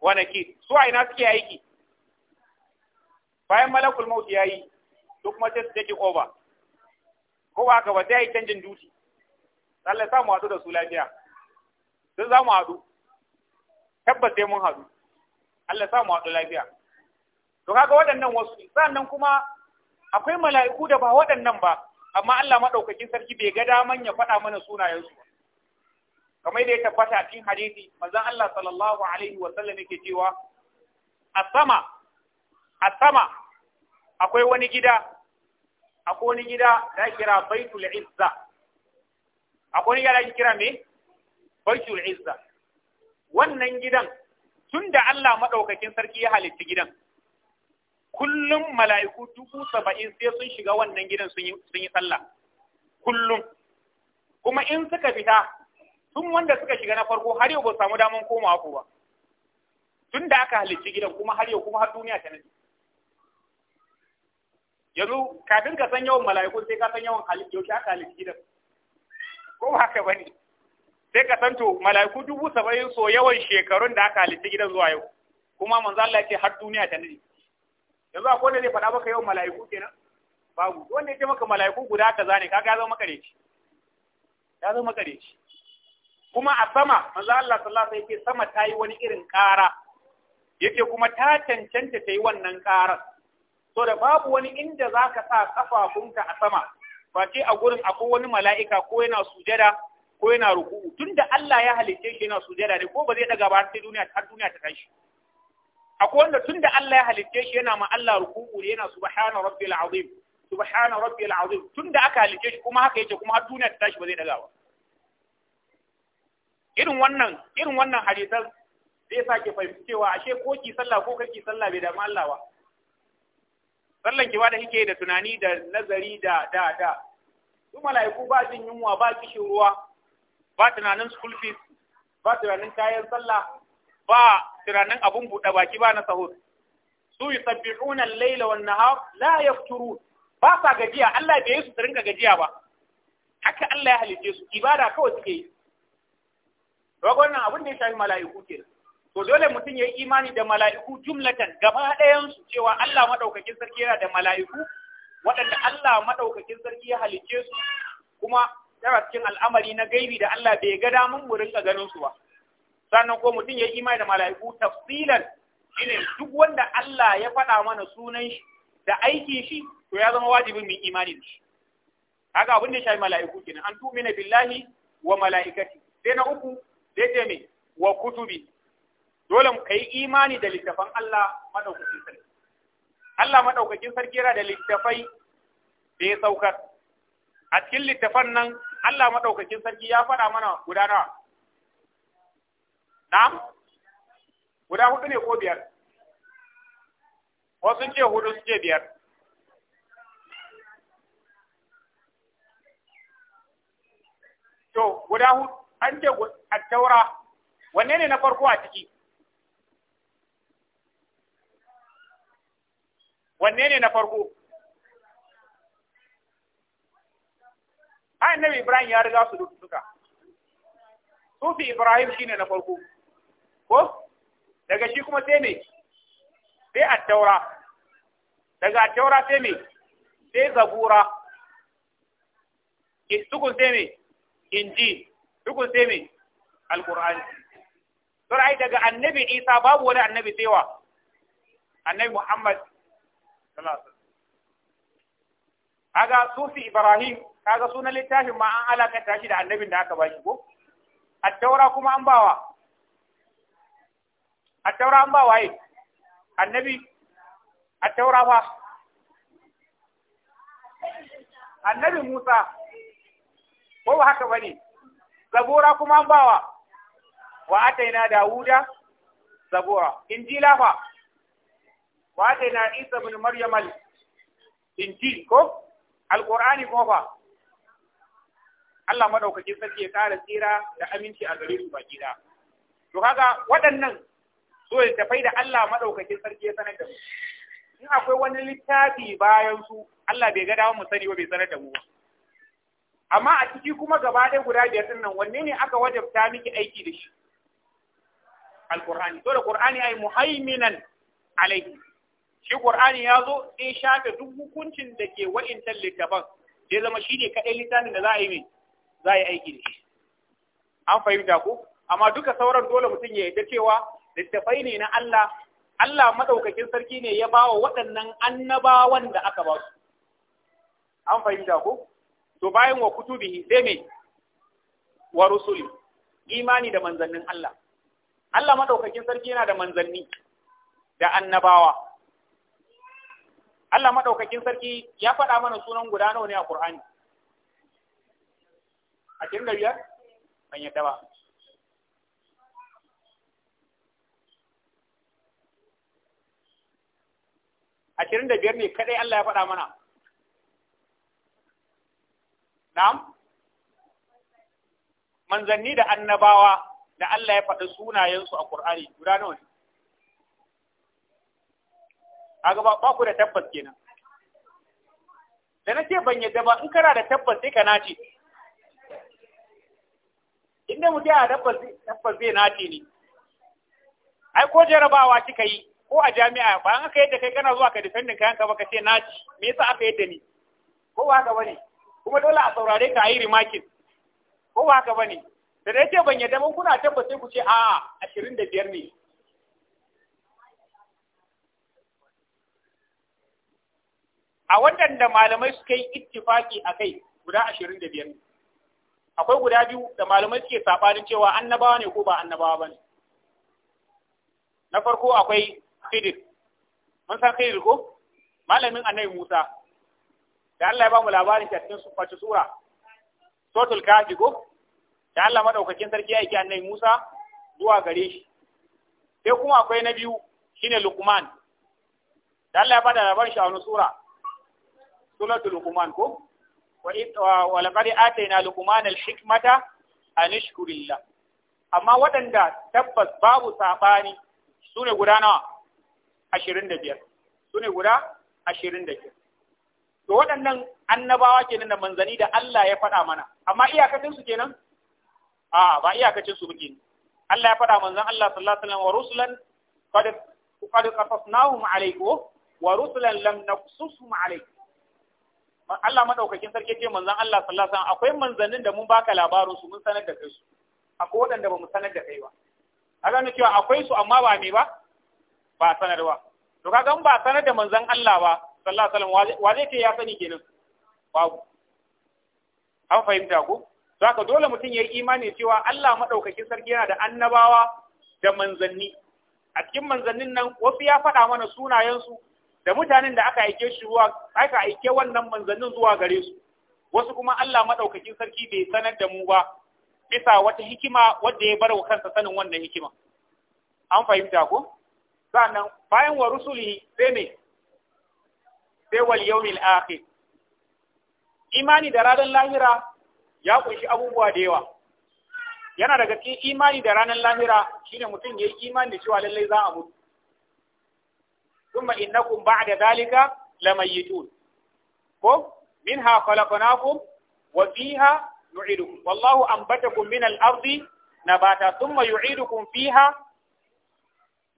wa nakir su a ina suke aiki bayan malakul maut yayi to kuma sai su take over ko ba ka ba sai canjin duti Allah ya mu hadu da su lafiya sai za mu hadu tabbas sai mun hadu Allah ya mu hadu lafiya to kaga waɗannan wasu sannan kuma akwai mala'iku da ba waɗannan ba amma Allah maɗaukakin sarki bai ga daman ya faɗa mana sunayensu kamar da ya tabbata a cikin hadisi manzon Allah sallallahu alaihi wa sallam yake cewa a sama a sama akwai wani gida akwai wani gida da kira Baitul Izza akwai wani gida da kira me Baitul Izza wannan gidan da Allah maɗaukakin sarki ya halitta gidan kullum mala'iku dubu saba'in sai sun shiga wannan gidan sun yi sallah kullum kuma in suka fita sun wanda suka shiga na farko har yau ba samu daman komawa ko ba tun da aka halicci gidan kuma har yau kuma har duniya ta nan yanzu kafin ka san yawan mala'iku sai ka san yawan halicci yaushe aka halicci gidan ko ba haka bane sai ka san to mala'iku dubu saba'in so yawan shekarun da aka halicci gidan zuwa yau kuma manzo Allah ya ce har duniya ta nan yanzu a kone zai faɗa maka yau mala'iku kenan babu wanda ya ce maka mala'iku guda kaza zane kaga ya zama makareci ya zama makareci kuma a sama manzo Allah sallallahu alaihi wasallam sama ta yi wani irin kara yake kuma ta cancanta ta yi wannan kara so da babu wani inda za ka sa kafafunka a sama ba ce a gurin akwai wani mala'ika ko yana sujada ko yana ruku'u tunda Allah ya halicce shi yana sujada ne ko ba zai daga ba sai duniya har duniya ta tashi akwai wanda tunda Allah ya halicce shi yana ma Allah ruku'u ne yana subhana rabbil azim subhana rabbil azim tunda aka halicce shi kuma haka yake kuma har duniya ta tashi ba zai daga ba irin wannan irin wannan hadisan zai sake fahimci cewa ashe ko ki sallah ko kake sallah bai damu Allah ba sallan ki da kike da tunani da nazari da da da su mala'iku ba jin yunwa ba kishin ruwa ba tunanin school ba tunanin kayan sallah ba tiranin abun buɗe baki ba na sahur su yusabbihuna al-laila wan nahar la yafturun ba sa gajiya Allah bai yi su rinka gajiya ba haka Allah ya halice su ibada kawai suke yi Rago wannan abin da ya shafi mala'iku ke to dole mutum ya yi imani da mala'iku jumlatan gaba ɗayan su cewa Allah madaukakin sarki yana da mala'iku waɗanda Allah maɗaukakin sarki ya halice su kuma tara cikin al'amari na gaibi da Allah bai ga damun mu rinka ganin su ba sannan ko mutum ya yi imani da mala'iku tafsilan shine duk wanda Allah ya faɗa mana sunan shi da aiki shi to ya zama wajibin mu imani da shi Haka abin da ya shafi mala'iku kenan an tumina billahi wa mala'ikati sai na uku sai ce mai wa kutubi dole mu kai imani da littafan Allah madaukakin sarki Allah madaukakin sarki yana da littafai da ya saukar a cikin littafan nan Allah madaukakin sarki ya faɗa mana guda nawa na'am guda hudu ne ko biyar wasu ce hudu su ce biyar to guda hudu an ce a taura wanne ne na farko a ciki wanne ne na farko annabi ibrahim ya riga su duka sufi ibrahim shi ne na farko ko daga shi kuma sai me sai attaura daga attaura sai me sai zabura tukun sai me inji tukun sai me alqur'ani to ai daga annabi isa babu wani annabi sai wa annabi muhammad sallallahu kaga sufi ibrahim kaga sunan littafin ma an alaka tashi da annabin da aka bashi ko attaura kuma an bawa a taura an ba waye annabi a taura fa annabi musa ko ba haka bane zabura kuma an bawa wa ataina dawuda zabura injila fa wa ataina isa ibn maryam al injil ko al alqur'ani ko fa Allah madaukakin sarki ya kara tsira da aminci a gare su baki da to kaga waɗannan so tafai da Allah maɗaukakin sarki ya sanar da mu in akwai wani littafi bayan su Allah bai ga dawo mu sani ba bai sanar da mu amma a ciki kuma gaba ɗaya guda biyar din nan wanne ne aka wajabta miki aiki da shi alqur'ani to da qur'ani ai muhaiminan alaihi shi qur'ani ya zo sai shafe duk hukuncin da ke wa'intan littafan ya zama shi ne kaɗai littafin da za a yi mai za a yi aiki da shi an fahimta ko amma duka sauran dole mutum ya yarda cewa littafai ne na Allah Allah madaukakin sarki ne ya bawa waɗannan annabawan da aka ba su an fahimta ko to bayan wa kutubi sai me wa rusuli imani da manzannin Allah Allah madaukakin sarki yana da manzanni da annabawa Allah madaukakin sarki ya faɗa mana sunan guda nawa ne a Qur'ani a cikin biyar ban yadda ba ashirin da biyar ne kadai Allah ya faɗa mana na'am manzanni da annabawa da Allah ya faɗi sunayensu a ƙur'ani guda nawa ne A ba ku da tabbas kenan da na ce ban yadda ba in kana da tabbas sai ka nace inda mutum ya tabbas tabbas zai nace ne ai ko jarabawa kika yi ko a jami'a ba an aka yadda kai kana zuwa ka defendin kayan ka baka ce na ci me yasa aka yadda ni ko ba haka bane kuma dole a saurare ka a yi remarking ko ba haka bane da dai ce ban yadda mun kuna tabbata ku ce a 25 ne a waɗanda malamai suka yi ittifaki a kai guda ashirin da biyar akwai guda biyu da malamai suke saɓanin cewa annabawa ne ko ba annabawa ba ne na farko akwai khidir mun san khidir ko malamin annabi Musa da Allah ya ba mu labarin ta cikin sufatu sura sotul kafi ko da Allah madaukakin sarki ya yi annabi Musa zuwa gare shi sai kuma akwai na biyu shine Luqman da Allah ya bada labarin shi a wani sura suratul Luqman ko wa laqad atayna Luqman al-hikmata an ishkurillah amma waɗanda tabbas babu sabani sune guda nawa ashirin da biyar su ne guda ashirin da biyar to waɗannan annabawa kenan da manzani da Allah ya faɗa mana amma iyakacin su kenan a ba iyakacin su muke Allah ya faɗa manzan Allah sallallahu alaihi wasallam wa rusulan qad qad qasasnahum alaykum wa rusulan lam naqsusum alaykum Allah madaukakin sarki ce manzan Allah sallallahu alaihi wasallam akwai manzannin da mun baka labarin su mun sanar da kai su akwai waɗanda ba mu sanar da kai ba a gano cewa akwai su amma ba me ba ba sanarwa to kaga in ba sanar da manzon Allah ba sallallahu alaihi wasallam wa zai ce ya sani kenan babu an fahimta ko to haka dole mutum ya yi imani cewa Allah madaukakin sarki yana da annabawa da manzanni a cikin manzannin nan wasu ya faɗa mana sunayen su da mutanen da aka aike shi ruwa aka aike wannan manzannin zuwa gare su wasu kuma Allah madaukakin sarki bai sanar da mu ba bisa wata hikima wadda ya bar wa kansa sanin wannan hikima an fahimta ko sannan bayan wa rusulihi sai me sai wal yawmil akhir imani da ranar lahira ya kunshi abubuwa da yawa yana daga cikin imani da ranar lahira shine mutum yayi imani da cewa lallai za a mutu thumma innakum ba'da zalika lamayitun ko minha khalaqnakum wa fiha nu'idukum wallahu anbatakum min al-ardi nabata thumma yu'idukum fiha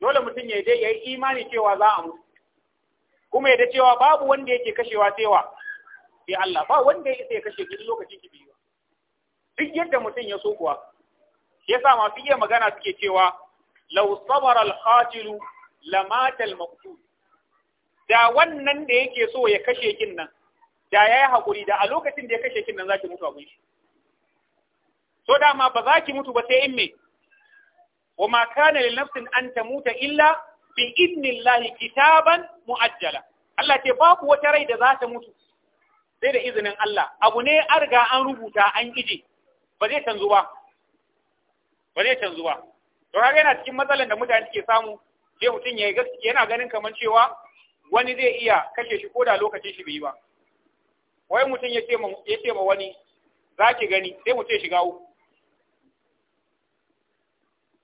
dole mutum ya dai ya yi imani cewa za a mutu kuma ya da cewa babu wanda yake kashewa cewa sai Allah ba wanda ya isa ya kashe ki lokacin ki biyu duk yadda mutum ya so kuwa ya sa masu iya magana suke cewa law sabara al-qatil al-maqtul da wannan da yake so ya kashe kin nan da yayi hakuri da a lokacin da ya kashe kin nan zaki mutu a gunshi so dama ba za ki mutu ba sai in me wa ma kana lil nafsin an tamuta illa bi idnillahi kitaban muajjala Allah ce babu wata rai da za ta mutu sai da izinin Allah abu ne arga riga an rubuta an ije ba zai canzu ba ba zai canzu ba to yana cikin matsalar da mutane suke samu sai mutum ya gaskiya yana ganin kamar cewa wani zai iya kashe shi ko da lokacin shi bai yi ba wai mutum ya ce ma wani za ki gani sai mutum ya shiga uku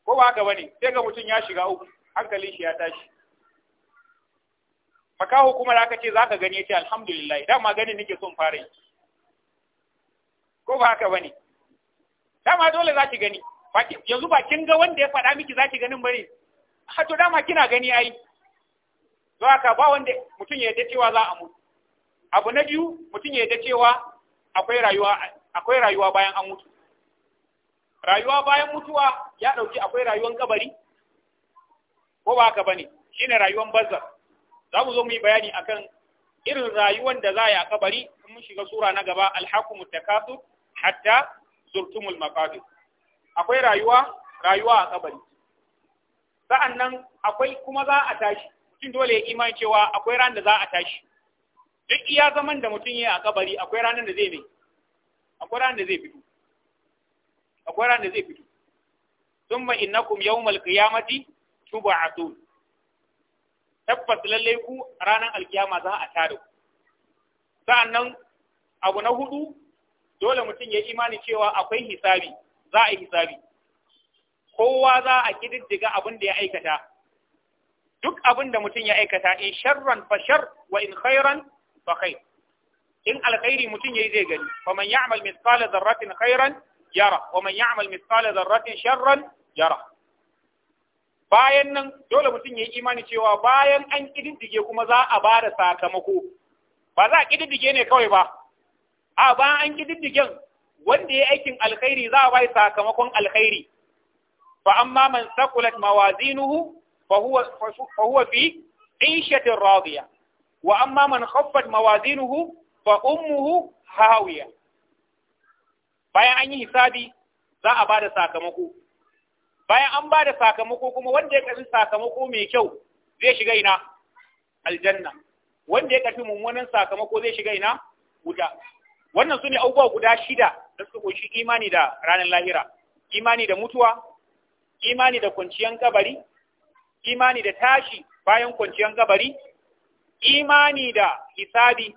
ko ba haka bane sai ga mutum ya shiga uku hankalin shi ya tashi makaho kuma da aka ce zaka gani yace alhamdulillah dama ganin nake son fara yi ko ba haka bane dama dole zaki gani yanzu ba kin ga wanda ya faɗa miki zaki ganin bane ha to dama kina gani ai don ka ba wanda mutum ya yadda cewa za a mutu abu na biyu mutum ya yadda cewa akwai rayuwa akwai rayuwa bayan an mutu rayuwa bayan mutuwa ya ɗauki akwai rayuwan kabari ko ba haka bane shine rayuwan bazar. za mu zo mu yi bayani akan irin rayuwan da za a yi a kabari in mun shiga sura na gaba alhakumu takasur hatta zurtumul maqabir akwai rayuwa rayuwa a kabari sa'annan akwai kuma za a tashi mutum dole ya imani cewa akwai ran da za a tashi duk iya zaman da mutum ya a kabari akwai ranar da zai ne akwai ranar da zai fito akwai ran da zai fito ma innakum yawmal qiyamati tub'atun tabbas lalle ku ranar alkiyama za a tare ku sa'annan abu na hudu dole mutum ya imani cewa akwai hisabi za a yi hisabi kowa za a kididdiga abin da ya aikata duk abin da mutum ya aikata in sharran fa shar wa in khairan fa khair in alkhairi mutum yayi zai gani fa man ya'mal mithqala dharratin khairan yara wa man ya'mal mithqala dharratin sharran yara bayan nan dole mutum ya yi imani cewa bayan an ƙididdige kuma za a ba da sakamako ba za a ƙididdige ne kawai ba a bayan an ƙididdigen. wanda ya aikin alkhairi za a bai sakamakon alkhairi fa amma man saqulat mawazinuhu fa fa huwa fi 'ishatin radiya wa amma man khaffat mawazinuhu fa ummuhu hawiya bayan an yi hisabi za a bada sakamako bayan an bada sakamako kuma wanda ya karbi sakamako mai kyau zai shiga ina aljanna wanda ya karbi mummunan sakamako zai shiga ina wuta wannan sune abubuwa guda shida da suka kunshi imani da ranar lahira imani da mutuwa imani da kwanciyar kabari imani da tashi bayan kwanciyar kabari imani da hisabi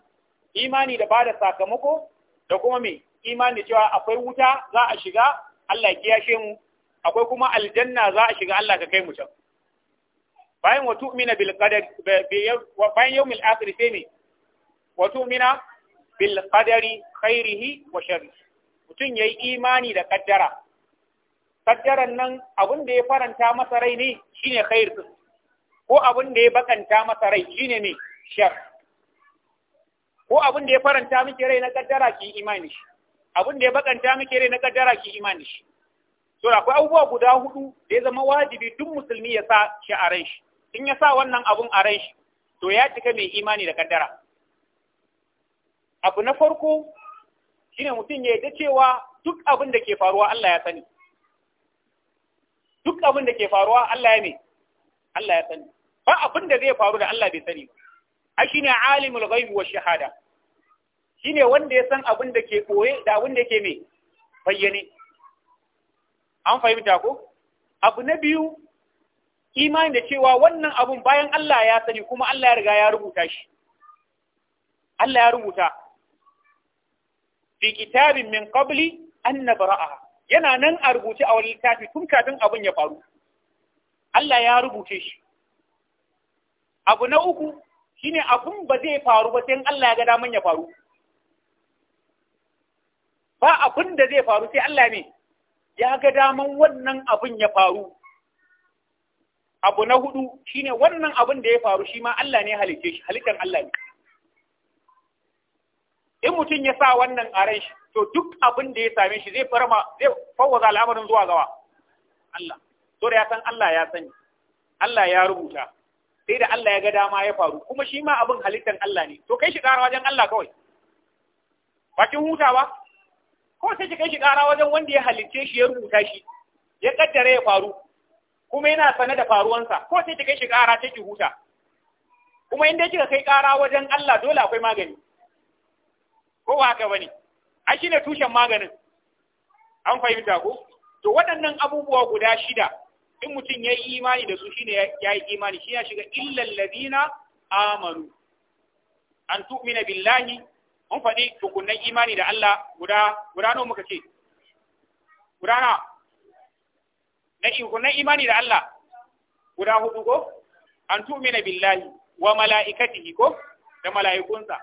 imani da bada sakamako da kuma mai. imani cewa akwai wuta za a shiga Allah ya yashe mu akwai kuma aljanna za a shiga Allah ka kai mu can bayan wa tu'mina bil qadar bayan yawmil akhir sai ne wa tu'mina bil qadari khairihi wa sharri mutun yayi imani da kaddara kaddaran nan abin da ya faranta masa rai ne shine khair ko abin da ya bakanta masa rai shine ne shar ko abin da ya faranta miki rai na kaddara ki imani shi abin da ya bakanta muke rai na kaddara ki imani shi to akwai abubuwa guda hudu da ya zama wajibi duk musulmi ya sa shi a ran shi in ya sa wannan abun a ran shi to ya cika mai imani da kaddara abu na farko shine mutum ya yi cewa duk abin da ke faruwa Allah ya sani duk abin da ke faruwa Allah ya ne Allah ya sani ba abin da zai faru da Allah bai sani ba ai shine alimul ghaibi wa shahada Shi ne wanda ya san abin da ke ɓoye da abin da ke mai bayyane an fahimta ko abu na biyu imani da cewa wannan abun bayan Allah ya sani kuma Allah ya riga ya rubuta shi Allah ya rubuta fi kitabin min qabli an yana nan a rubuce a wani littafi tun kafin abin ya faru Allah ya rubuce shi abu na uku shi ne abin ba zai faru ba sai Allah ya ga daman ya faru ba abin da zai faru sai Allah ne ya ga daman wannan abin ya faru abu na hudu shine wannan abin da ya faru shi ma Allah ne halice shi halittar Allah ne in mutum ya sa wannan a ran shi to duk abin da ya same shi zai farma zai fawwaza al'amarin zuwa gawa Allah to da ya san Allah ya sani Allah ya rubuta sai da Allah ya ga dama ya faru kuma shi ma abin halittar Allah ne to kai shi ƙara wajen Allah kawai bakin huta ba ko sai ki kai shi ƙara wajen wanda ya halicce shi ya rubuta shi ya kaddare ya faru kuma yana sane da faruwansa ko sai ki kai shi ƙara sai ki huta kuma inda kika kai kara wajen Allah dole akwai magani ko ba haka bane ai shine tushen maganin an fahimta ko to waɗannan abubuwa guda shida in mutum ya yi imani da su shine ya yi imani shi ya shiga illal ladina amanu an tu'mina billahi mun faɗi tukunan imani da Allah guda guda nawa muka ce guda na na tukunan imani da Allah guda hudu ko an tu'mina billahi wa mala'ikatihi ko da mala'ikunsa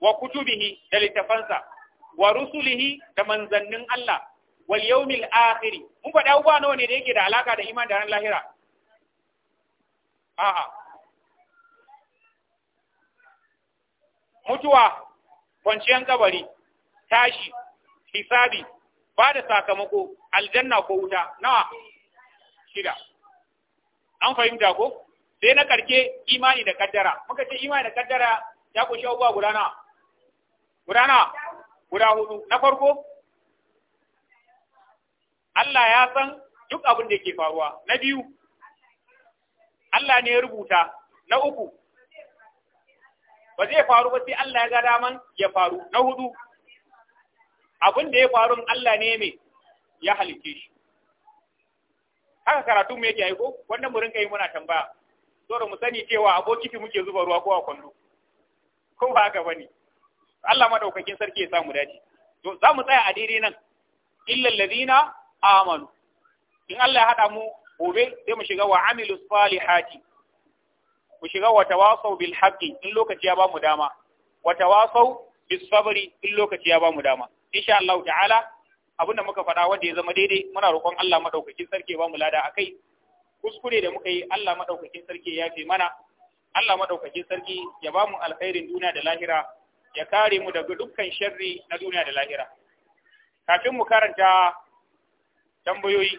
wa kutubihi da littafansa wa rusulihi da manzannin Allah wal yawmil akhir mun faɗi abubuwa nawa ne da yake da alaka da imani da ran lahira a'a mutuwa kwanciyan kabari tashi hisabi ba da sakamako aljanna ko wuta nawa shida an fahimta ko sai na karke imani da kaddara muka ce imani da kaddara ya kunshi abubuwa guda na guda hudu na farko Allah ya san duk abin da yake faruwa na biyu Allah ne ya rubuta na uku ba zai faru ba sai Allah ya ga daman ya faru na hudu abin da ya faru Allah ne mai ya halice shi haka karatu mu yake aiko wannan mu rinka yi muna tambaya saboda mu sani cewa abokifi muke zuba ruwa ko a kwando. ko ba haka bane Allah madaukakin sarki ya mu dace to za mu tsaya a daidai nan illal ladina amanu in Allah ya hada mu gobe sai mu shiga wa amilus salihati Mu shiga wata tawasau bil haqqi in lokaci ya bamu dama wata tawasau bis sabri in lokaci ya bamu dama insha Allah ta'ala abinda muka faɗa wanda ya zama daidai muna roƙon Allah madaukakin sarki bamu lada akai kuskure da muka yi Allah madaukakin sarki ya fi mana Allah madaukakin sarki ya bamu alkhairin duniya da lahira ya kare mu daga dukkan sharri na duniya da lahira kafin mu karanta tambayoyi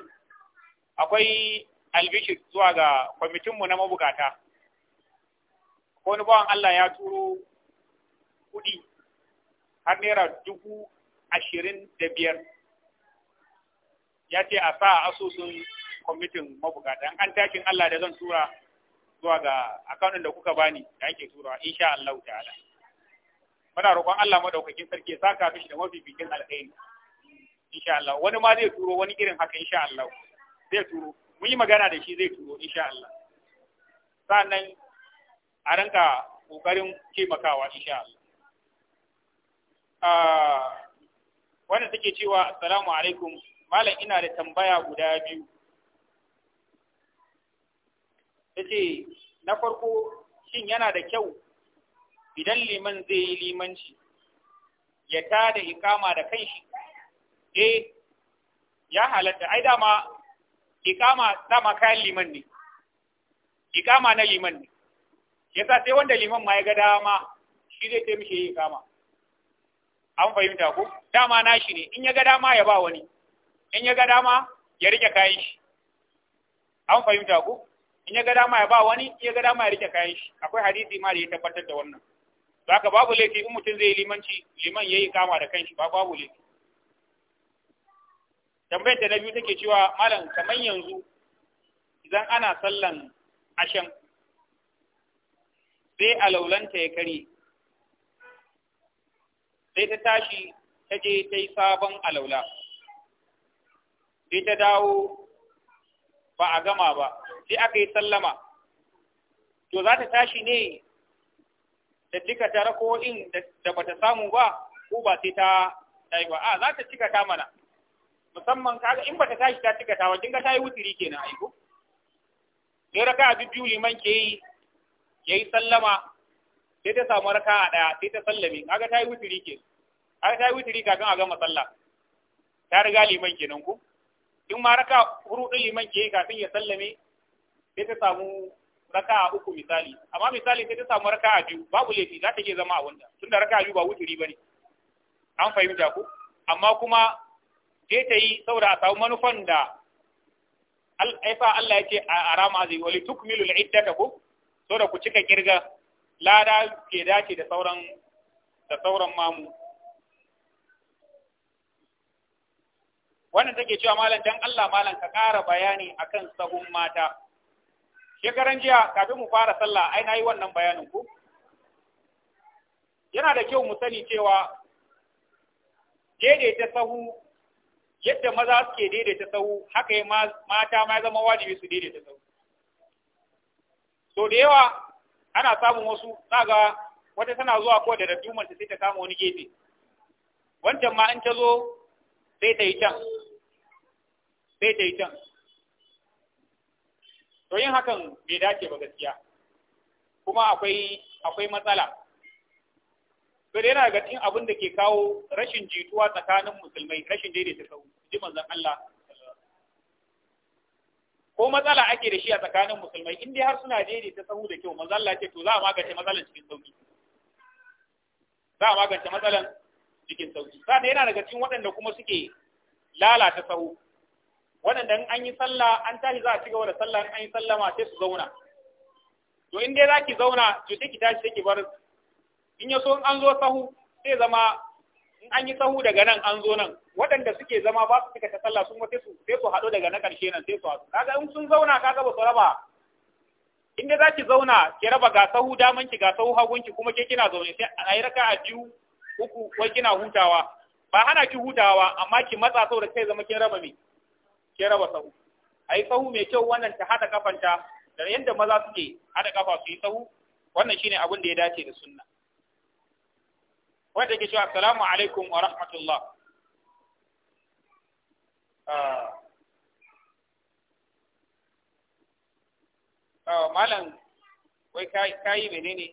akwai albishir zuwa ga kwamitinmu na mabukata ko wani bawan Allah ya turo kuɗi har naira dubu ashirin da biyar ya ce a sa asusun kwamitin mabukata an tashin Allah da zan tura zuwa ga akaunin da kuka bani da ake turawa insha Allah ta'ala muna roƙon Allah madaukakin sarki ya saka mishi da mafificin alkhairi insha Allah wani ma zai turo wani irin haka insha Allah zai turo mun yi magana da shi zai turo insha Allah sannan a ranka ƙoƙarin taimakawa insha Allah wanda take cewa assalamu alaikum malam ina da tambaya guda biyu ce na farko shin yana da kyau idan liman zai yi limanci ya tada ikama da kanshi eh ya halatta ai dama ikama dama kayan liman ne ikama na liman ne yasa sai wanda liman ma ya ga dama shi zai ce mishi yi kama an fahimta ku dama na shi ne in ya ga dama ya ba wani in ya ga dama ya rike kayan shi an fahimta ku in ya ga dama ya ba wani in ya ga dama ya rike kayan shi akwai hadisi ma da ya tabbatar da wannan ka babu laifi in mutum zai limanci liman yayi kama da kanshi ba babu laifi tambayar da na biyu take cewa malam kamar yanzu idan ana sallan ashen sai alaulanta ya kare sai ta tashi ta je ta yi sabon alaula sai ta dawo ba a gama ba sai aka yi sallama to za ta tashi ne da cika ta in da bata samu ba ko ba sai ta yi ba a za ta cika ta mana musamman kaga in ta tashi ta cika ta wajen ga ta yi ke kenan aiko sai raka a biyu liman ke yi yayi sallama sai ta samu a daya sai ta sallame kaga ta yi witiri ke kaga ta yi witiri kafin a gama sallah ta riga liman kenan ko in ma raka huru din liman ke kafin ya sallame sai ta samu a uku misali amma misali sai ta samu a biyu babu laifi za ta ke zama a wanda tunda a biyu ba witiri bane an fahimta ku? amma kuma sai ta yi saboda a samu manufan da Allah ya ce a rama zai wali tukmilul al'iddata ko so da ku cika kirga lada ke dace da sauran da sauran mamu wannan take cewa malam dan Allah malam ka ƙara bayani akan sahun mata shekaran jiya kafin mu fara sallah ai nayi wannan bayanin ku yana da kyau mu sani cewa daidaita sahu yadda maza suke daidaita sahu haka ya mata ma zama wajibi su daidaita sahu so da yawa ana samun wasu zaga wata tana zuwa ko da daddumar sai ta kama wani gefe wancan ma in ta zo sai ta yi can sai ta yi can to yin hakan bai dace ba gaskiya kuma akwai matsala to da yana daga cikin abin da ke kawo rashin jituwa tsakanin musulmai rashin daidaita kawo ji manzon Allah ko matsala ake da shi a tsakanin musulmai in dai har suna daidai ta sahu da kyau mazalla ce to za a magance matsalan cikin sauki za a magance matsalan cikin sauki sai yana daga cikin waɗanda kuma suke lalata sahu waɗanda an yi sallah an tashi za a ci gaba da sallah an yi sallama sai su zauna to in dai za ki zauna to sai ki tashi sai ki bar in ya so in an zo sahu sai zama in an yi sahu daga nan an zo nan waɗanda suke zama ba su cika ta sallah sun wata su sai su haɗu daga na ƙarshe nan sai su haɗu kaga in sun zauna kaga ba su raba in dai za ki zauna ki raba ga sahu daman ki ga sahu hagun kuma ke kina zaune sai a yi raka a biyu uku wai kina hutawa ba hana ki hutawa amma ki matsa saboda kai zama kin raba me kin raba sahu a yi sahu mai kyau wannan ta haɗa kafanta da yadda maza suke haɗa kafa su yi sahu wannan shine abin da ya dace da sunna wanda ke cewa assalamu alaikum wa rahmatullah ah. Ah, malam wai kayi menene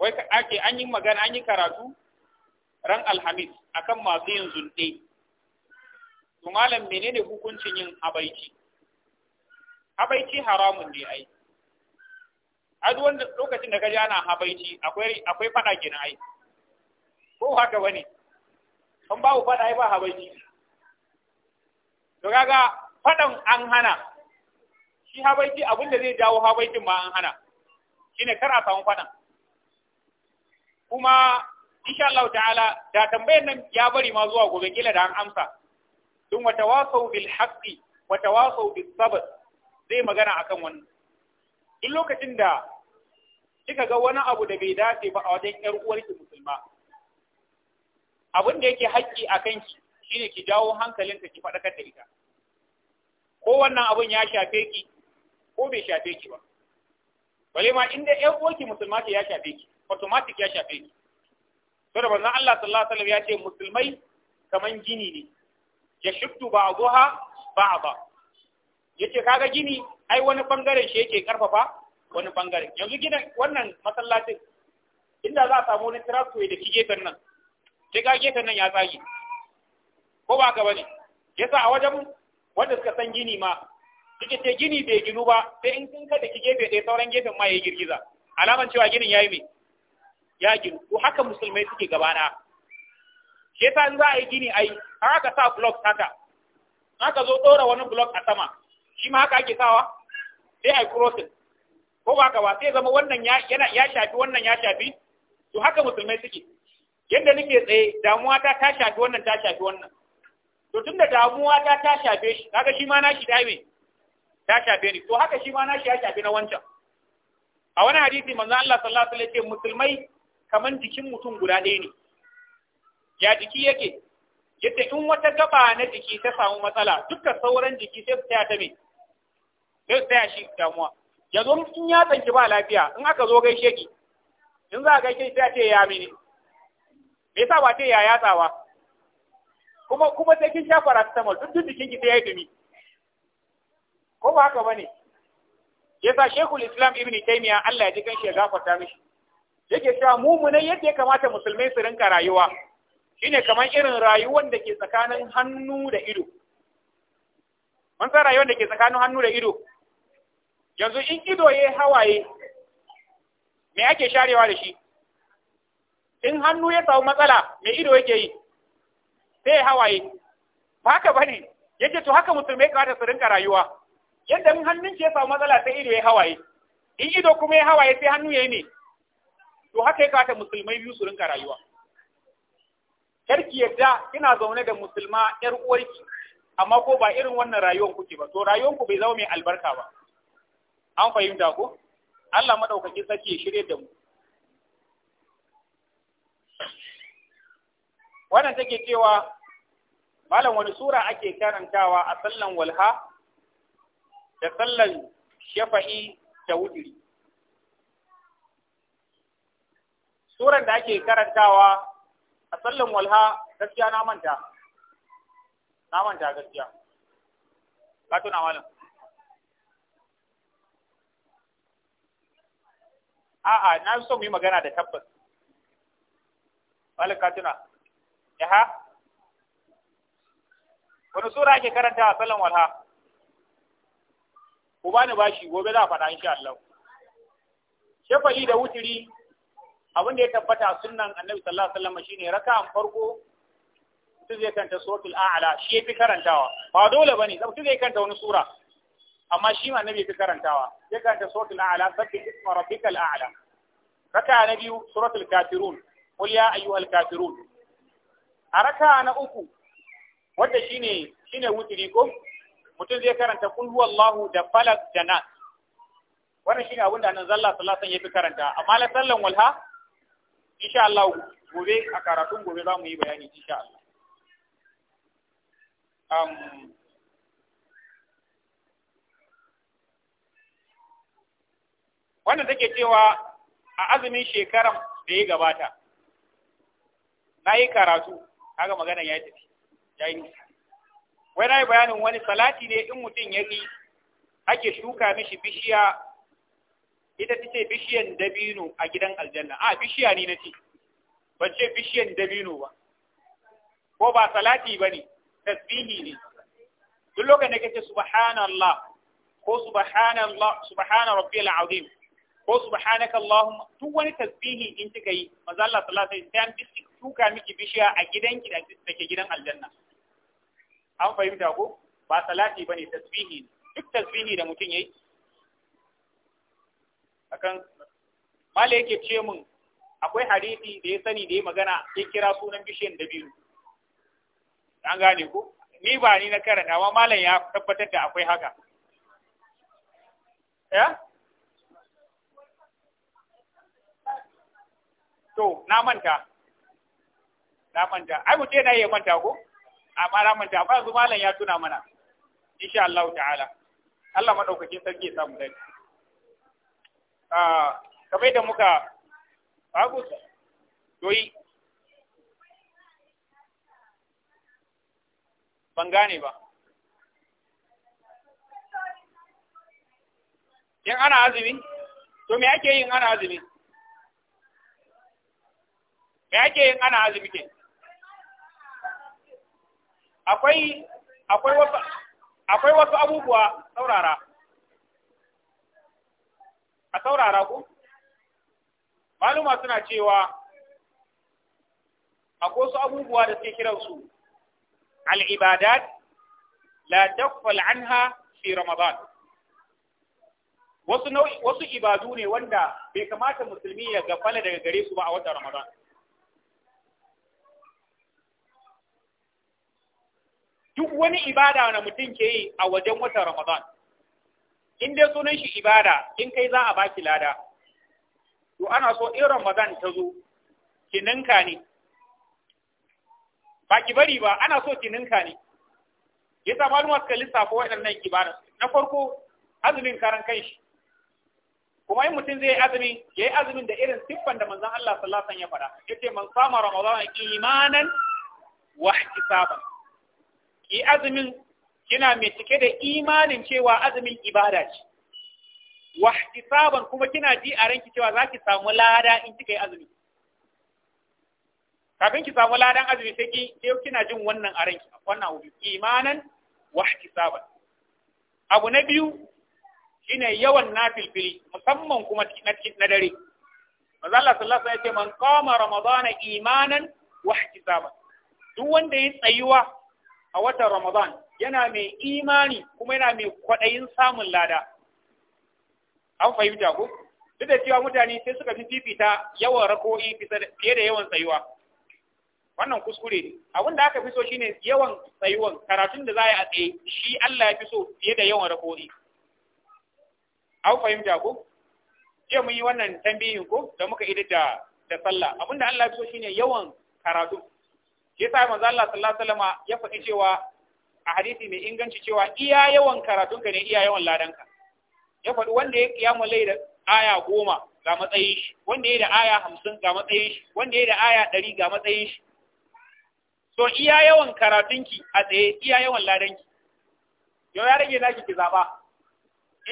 wai ka ake an yi magana an yi karatu ran alhamis akan masu yin zunɗe to malam menene hukuncin yin habaici habaici haramun ne ai a wanda lokacin da kaji ana habaici akwai akwai fada kenan ai ko haka bane kan babu fada ai ba habaici to kaga fadan an hana shi habaici abin da zai jawo habaicin ma an hana shine kar a samu fadan kuma insha Allah ta'ala da tambayar nan ya bari ma zuwa gobe kila da an amsa dun wata wasau bil haqqi wata wasau bis sabr zai magana akan wannan in lokacin da kika ga wani abu da bai dace ba a wajen ƴar uwarki musulma abin da yake haƙƙi a kanki shine ki jawo hankalinta ki faɗakar da ita ko wannan abin ya shafe ki ko bai shafe ki ba bale ma inda ƴar uwarki musulma ce ya shafe ki automatic ya shafe ki to da manzon Allah sallallahu alaihi wasallam ya ce musulmai kaman gini ne ya shuddu ba'daha ba'dha yace kaga gini ai wani bangaren shi yake karfafa wani bangare yanzu gina wannan masallacin inda za a samu wani trackway da ki gefen nan sai ga gefen nan ya tsage ko ba ka bane sa a wajen wanda suka san gini ma suke ce gini bai ginu ba sai in kin ka da ki gefe ɗaya sauran gefen ma ya girgiza alaman cewa ginin ya yi mai ya ginu ko haka musulmai suke gaba na shi yasa in za a yi gini ai har aka sa blok haka haka zo ɗora wani blok a sama shi ma haka ake sawa sai a yi crossing ko ba ka ba sai zama wannan ya ya shafi wannan ya shafi to haka musulmai suke yadda nake tsaye damuwa ta ta shafi wannan ta shafi wannan to tunda damuwa ta ta shafe shi kaga shi ma nashi dai me ta shafe ni to haka shi ma nashi ya shafi na wancan a wani hadisi manzo Allah sallallahu alaihi wasallam musulmai kaman jikin mutum guda ɗaya ne ya jiki yake yadda in wata gaba na jiki ta samu matsala dukkan sauran jiki sai ta ta me sai ta shi damuwa ya zo in ya tsanki ba lafiya in aka zo gaishe ki in za a gaishe ta ce ya mini me yasa ba ce ya yatsawa kuma kuma sai kin sha paracetamol duk duk jikin ki sai yayi dumi ko ba haka bane yasa Sheikhul Islam Ibn Taymiyyah Allah ya ji kan shi ya gafarta mishi yake cewa mun yadda ya kamata musulmai su rinka rayuwa shine kamar irin rayuwar da ke tsakanin hannu da ido mun san rayuwar da ke tsakanin hannu da ido yanzu in ido ya hawaye me ake sharewa da shi in hannu ya samu matsala me ido yake yi sai hawaye ba haka bane yake to haka musulmai kamata su rinka rayuwa yadda in hannun ya samu matsala sai ido ya hawaye in ido kuma ya hawaye sai hannu ya yi ne to haka ya kamata musulmai biyu su rinka rayuwa karki yadda kina zaune da musulma yar uwarki amma ko ba irin wannan rayuwar kuke ba to rayuwar ku bai zama mai albarka ba an fahimta ko Allah madaukakin sarki ya shirye da mu wannan take cewa malam wani sura ake karantawa a sallan walha da sallan shafa'i da wutiri suran da ake karantawa a sallan walha gaskiya na manta na manta gaskiya ka tuna malam a'a na so mu yi magana da tabbas malik katuna ha? wani sura ke karanta a salon walha ku bani bashi gobe za a faɗa insha Allah shafa'i da wuturi abin da ya tabbata sunnan annabi sallallahu alaihi wasallam shine an farko su zai kanta suratul a'la shi yafi karantawa ba dole bane mutum zai kanta wani sura amma shi ma nabi ka karantawa ya karanta suratul a'la sabbi isma rabbikal a'la raka na biyu suratul kafirun qul ya ayyuhal kafirun a raka na uku wanda shine shine wutiri ko mutum zai karanta qul huwallahu da falak da nas wannan shine abin da annabi sallallahu alaihi wasallam ya fi karanta amma la sallan walha insha Allah gobe a karatun gobe za mu yi bayani insha Allah wannan take cewa a azumin shekaran da ya gabata na yi karatu kaga magana ya tafi ya yi wai na yi bayanin wani salati ne in mutum ya yi ake shuka mishi bishiya ita ce bishiyan dabino a gidan aljanna a bishiya ne na ce ban ce bishiyan dabino ba ko ba salati ba ne tasbihi ne duk lokacin da kace subhanallah ko subhanallah subhana rabbiyal azim ko subhanaka allahumma duk wani tasbihi in kika yi manzo Allah sallallahu alaihi wasallam sai an tuka miki bishiya a gidanki da take gidan aljanna an fahimta ko ba salati bane tasbihi duk tasbihi da mutum yayi akan malai yake ce mun akwai hadisi da ya sani da ya magana ya kira sunan bishiyan da biyu an gane ko ni ba ni na karanta amma malam ya tabbatar da akwai haka ya to na manta na manta ai mutum yana iya manta ko amma na manta ba yanzu malam ya tuna mana insha Allah ta'ala Allah madaukakin sarki ya samu dai ah kamar da muka babu doyi ban gane ba in ana azumi to me ake yin ana azumi me ake yin ana azumi ke akwai akwai wasu akwai wasu abubuwa saurara a saurara ku maluma suna cewa akwai wasu abubuwa da suke kiransu al'ibadat la taqfal anha fi ramadan wasu ibadu ne wanda bai kamata musulmi ya gafala daga gare su ba a watan ramadan duk wani ibada na mutum ke yi a wajen wata Ramadan in dai sunan shi ibada in kai za a baki lada to ana so in Ramadan ta zo ki ninka ne ba ki bari ba ana so ki ninka ne yasa malama suka lissafa waɗannan ibada na farko azumin karan shi. kuma in mutum zai yi azumi ya yi azumin da irin siffan da manzon Allah sallallahu alaihi wasallam ya faɗa yace man sama Ramadan imanan wa ihtisaban yi azumin kina mai cike da imanin cewa azumin ibada ce wa ihtisaban kuma kina ji a ranki cewa zaki samu lada in kika yi azumi kafin ki samu ladan azumi sai ki sai kina jin wannan a ranki wannan abu imanan wa ihtisaban abu na biyu shine yawan nafilfili musamman kuma na dare manzo Allah sallallahu alaihi wasallam ya ce man qama ramadana imanan wa ihtisaban duk wanda ya tsayuwa a watan Ramadan yana mai imani kuma yana mai kwaɗayin samun lada. An fahimta ku? Duk da cewa mutane sai suka fi fifita yawan rako'i fiye da yawan tsayuwa. Wannan kuskure ne. Abin da aka fi so shine yawan tsayuwan karatun da za a tsaye shi Allah ya fi so fiye da yawan rako'i. An fahimta ku? Jiya mun yi wannan tambihin ko da muka idar da sallah. Abin da Allah ya fi so shine yawan karatu. shi sai manzo Allah sallallahu alaihi wasallam ya faɗi cewa a hadisi mai inganci cewa iya yawan karatunka ne iya yawan ladanka ya faɗi wanda ya kiyama lai da aya goma ga matsayin shi wanda ya da aya hamsin ga matsayin shi wanda ya da aya ɗari ga matsayin shi so iya yawan karatunki a tsaye iya yawan ladanki yau ya rage zaki ki zaɓa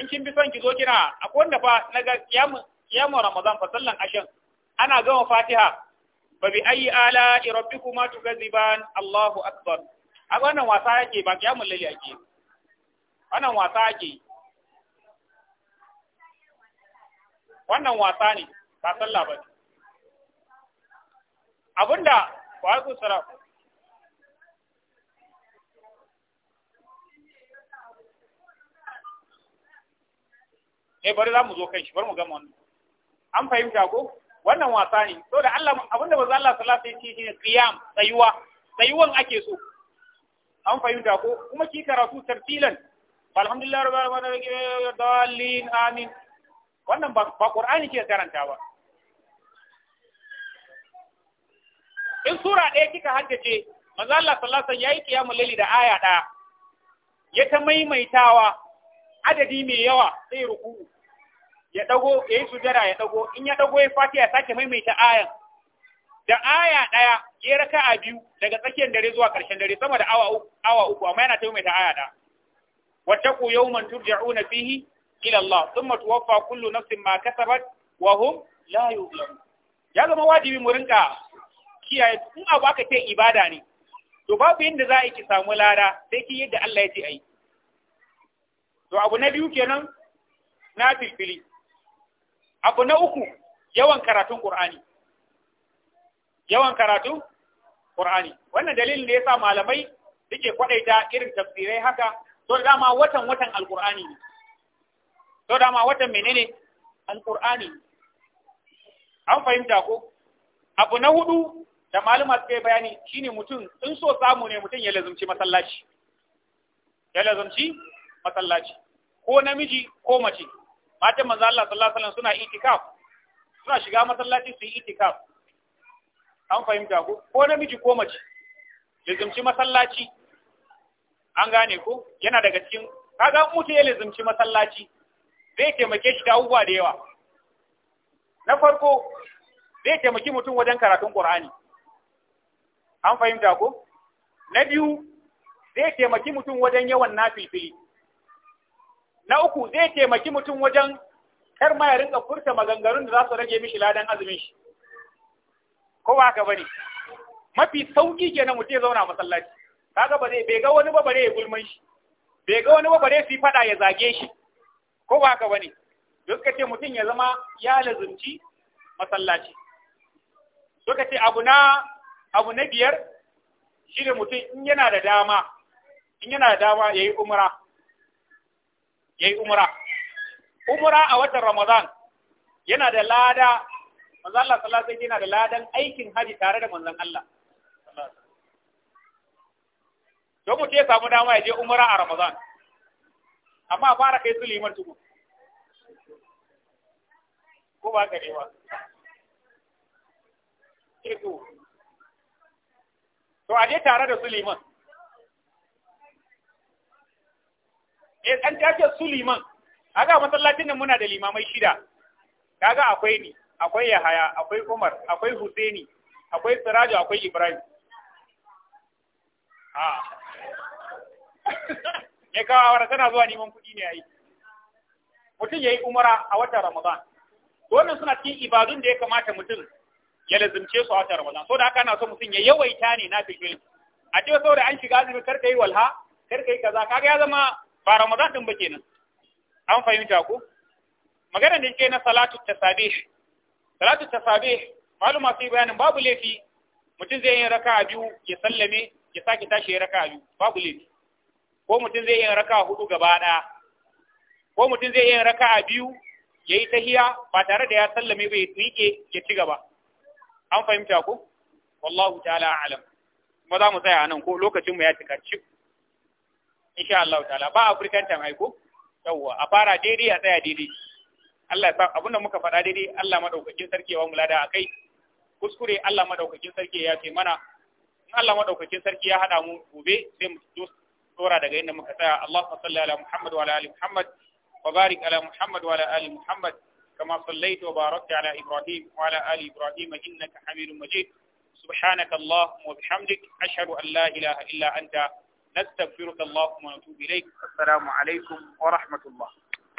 in kin bi son ki zo kina akwai wanda fa na ga kiyama ramadan fa sallan ashan ana gama fatiha babi bi ayi ala rabbikuma tukaziban Allahu akbar a wannan wasa yake ba kiyamul layli yake wannan wasa yake wannan wasa ne ba sallah ba abinda wa alaikum salam eh bari za mu zo kai shi bari mu gama wannan an fahimta ko wannan wasa ne so da Allah abinda manzo Allah sallallahu alaihi wasallam ya ce qiyam tsayuwa tsayuwan ake so an fahimta ko kuma ki karatu tartilan alhamdulillah rabbil alamin dallin amin wannan ba qur'ani ke karanta ba in sura ɗaya kika haddace manzo Allah sallallahu alaihi wasallam yayi qiyamul layli da aya ɗaya ya ta maimaitawa adadi mai yawa sai ruku'u ya dago ya yi sujada ya dago in ya dago ya fati ya sake maimaita ayan da aya daya ya raka a biyu daga tsakiyar dare zuwa karshen dare sama da awa uku awa uku amma yana ta aya da wattaqu yawman turja'una fihi ila Allah thumma tuwaffa kullu nafsin ma kasabat wa hum la ya zama wajibi mu rinka kiyaye in abu aka ce ibada ne to babu yadda za a ki samu lada sai ki yadda Allah ya ce ai to abu na biyu kenan na filfili abu na uku yawan karatun qur'ani yawan karatun qur'ani wannan dalilin da yasa malamai suke kwadaita irin tafsirai haka to dama watan watan alqur'ani ne da dama watan menene alqur'ani an fahimta ko abu na hudu da maluma suka yi bayani shine mutum in so samu ne mutum ya lazumci masallaci ya lazumci masallaci ko namiji ko mace matan manzo Allah sallallahu alaihi wasallam suna itikaf suna shiga masallaci su yi itikaf an fahimta ko ko namiji ko mace lazimci masallaci an gane ko yana daga cikin kaga mutu ya lazimci masallaci zai taimake shi da abubuwa da yawa na farko zai taimaki mutum wajen karatun Qur'ani an fahimta ko na biyu zai taimaki mutum wajen yawan nafilfili na uku zai taimaki mutum wajen kar ma ya rinka furta maganganun da za su rage mishi ladan azumin shi ko ba ka bane mafi sauki kenan mutum ya zauna masallaci kaga ba zai bai ga wani ba bare ya gulman shi bai ga wani ba bare su fada ya zage shi ko ba ka bane duk ce mutum ya zama ya lazumci masallaci suka ce abu na abu na biyar shine mutum in yana da dama in yana da dama ya yi umara yayi umura. Umura a watan ramadan yana da lada manzo Allah sallallahu yana da ladan aikin haji tare da manzan Allah don mutu ya samu dama ya je umura a ramadan amma fara kai su liman tuku ko ba ka rewa eh to a je tare da su liman eh an tace su liman aga masallacin nan muna da limamai shida kaga akwai ni akwai Yahaya akwai Umar akwai Husaini akwai Siraju akwai Ibrahim a ah. ya kawo awara tana zuwa neman kuɗi ne yayi mutum yayi umara a watan Ramadan wannan suna cikin ibadun da ya kamata mutum ya lazimce su a watan Ramadan so da haka ana so mutum ya yawaita ne na fikirin a ce saboda an shiga azumi karka yi walha karka yi kaza kaga ya zama ba ramadan din ba kenan an fahimta ko magana da ke na salatu tasabih salatu tasabih maluma sai bayanin babu laifi mutum zai yi raka'a biyu ya sallame ya sake tashi ya raka'a biyu babu laifi ko mutum zai yi raka'a hudu gaba daya ko mutum zai yi raka'a biyu ya yi tahiya ba tare da ya sallame bai tsike ya ci gaba an fahimta ko wallahu ta'ala a'lam kuma za mu tsaya nan ko lokacin mu ya cika cik insha Allah ta'ala ba African time aiko yawwa a fara daidai a tsaya daidai Allah ya sa abinda muka faɗa daidai Allah madaukakin sarki wa mulada akai kuskure Allah madaukakin sarki ya ce mana in Allah madaukakin sarki ya hada mu gobe sai mu dora daga inda muka tsaya Allahumma salli ala Muhammad wa ala ali Muhammad wa barik ala Muhammad wa ala ali Muhammad كما صليت وباركت على إبراهيم وعلى آل إبراهيم إنك حميد مجيد سبحانك اللهم وبحمدك أشهد أن لا إله إلا أنت نستغفرك اللهم ونتوب إليك السلام عليكم ورحمة الله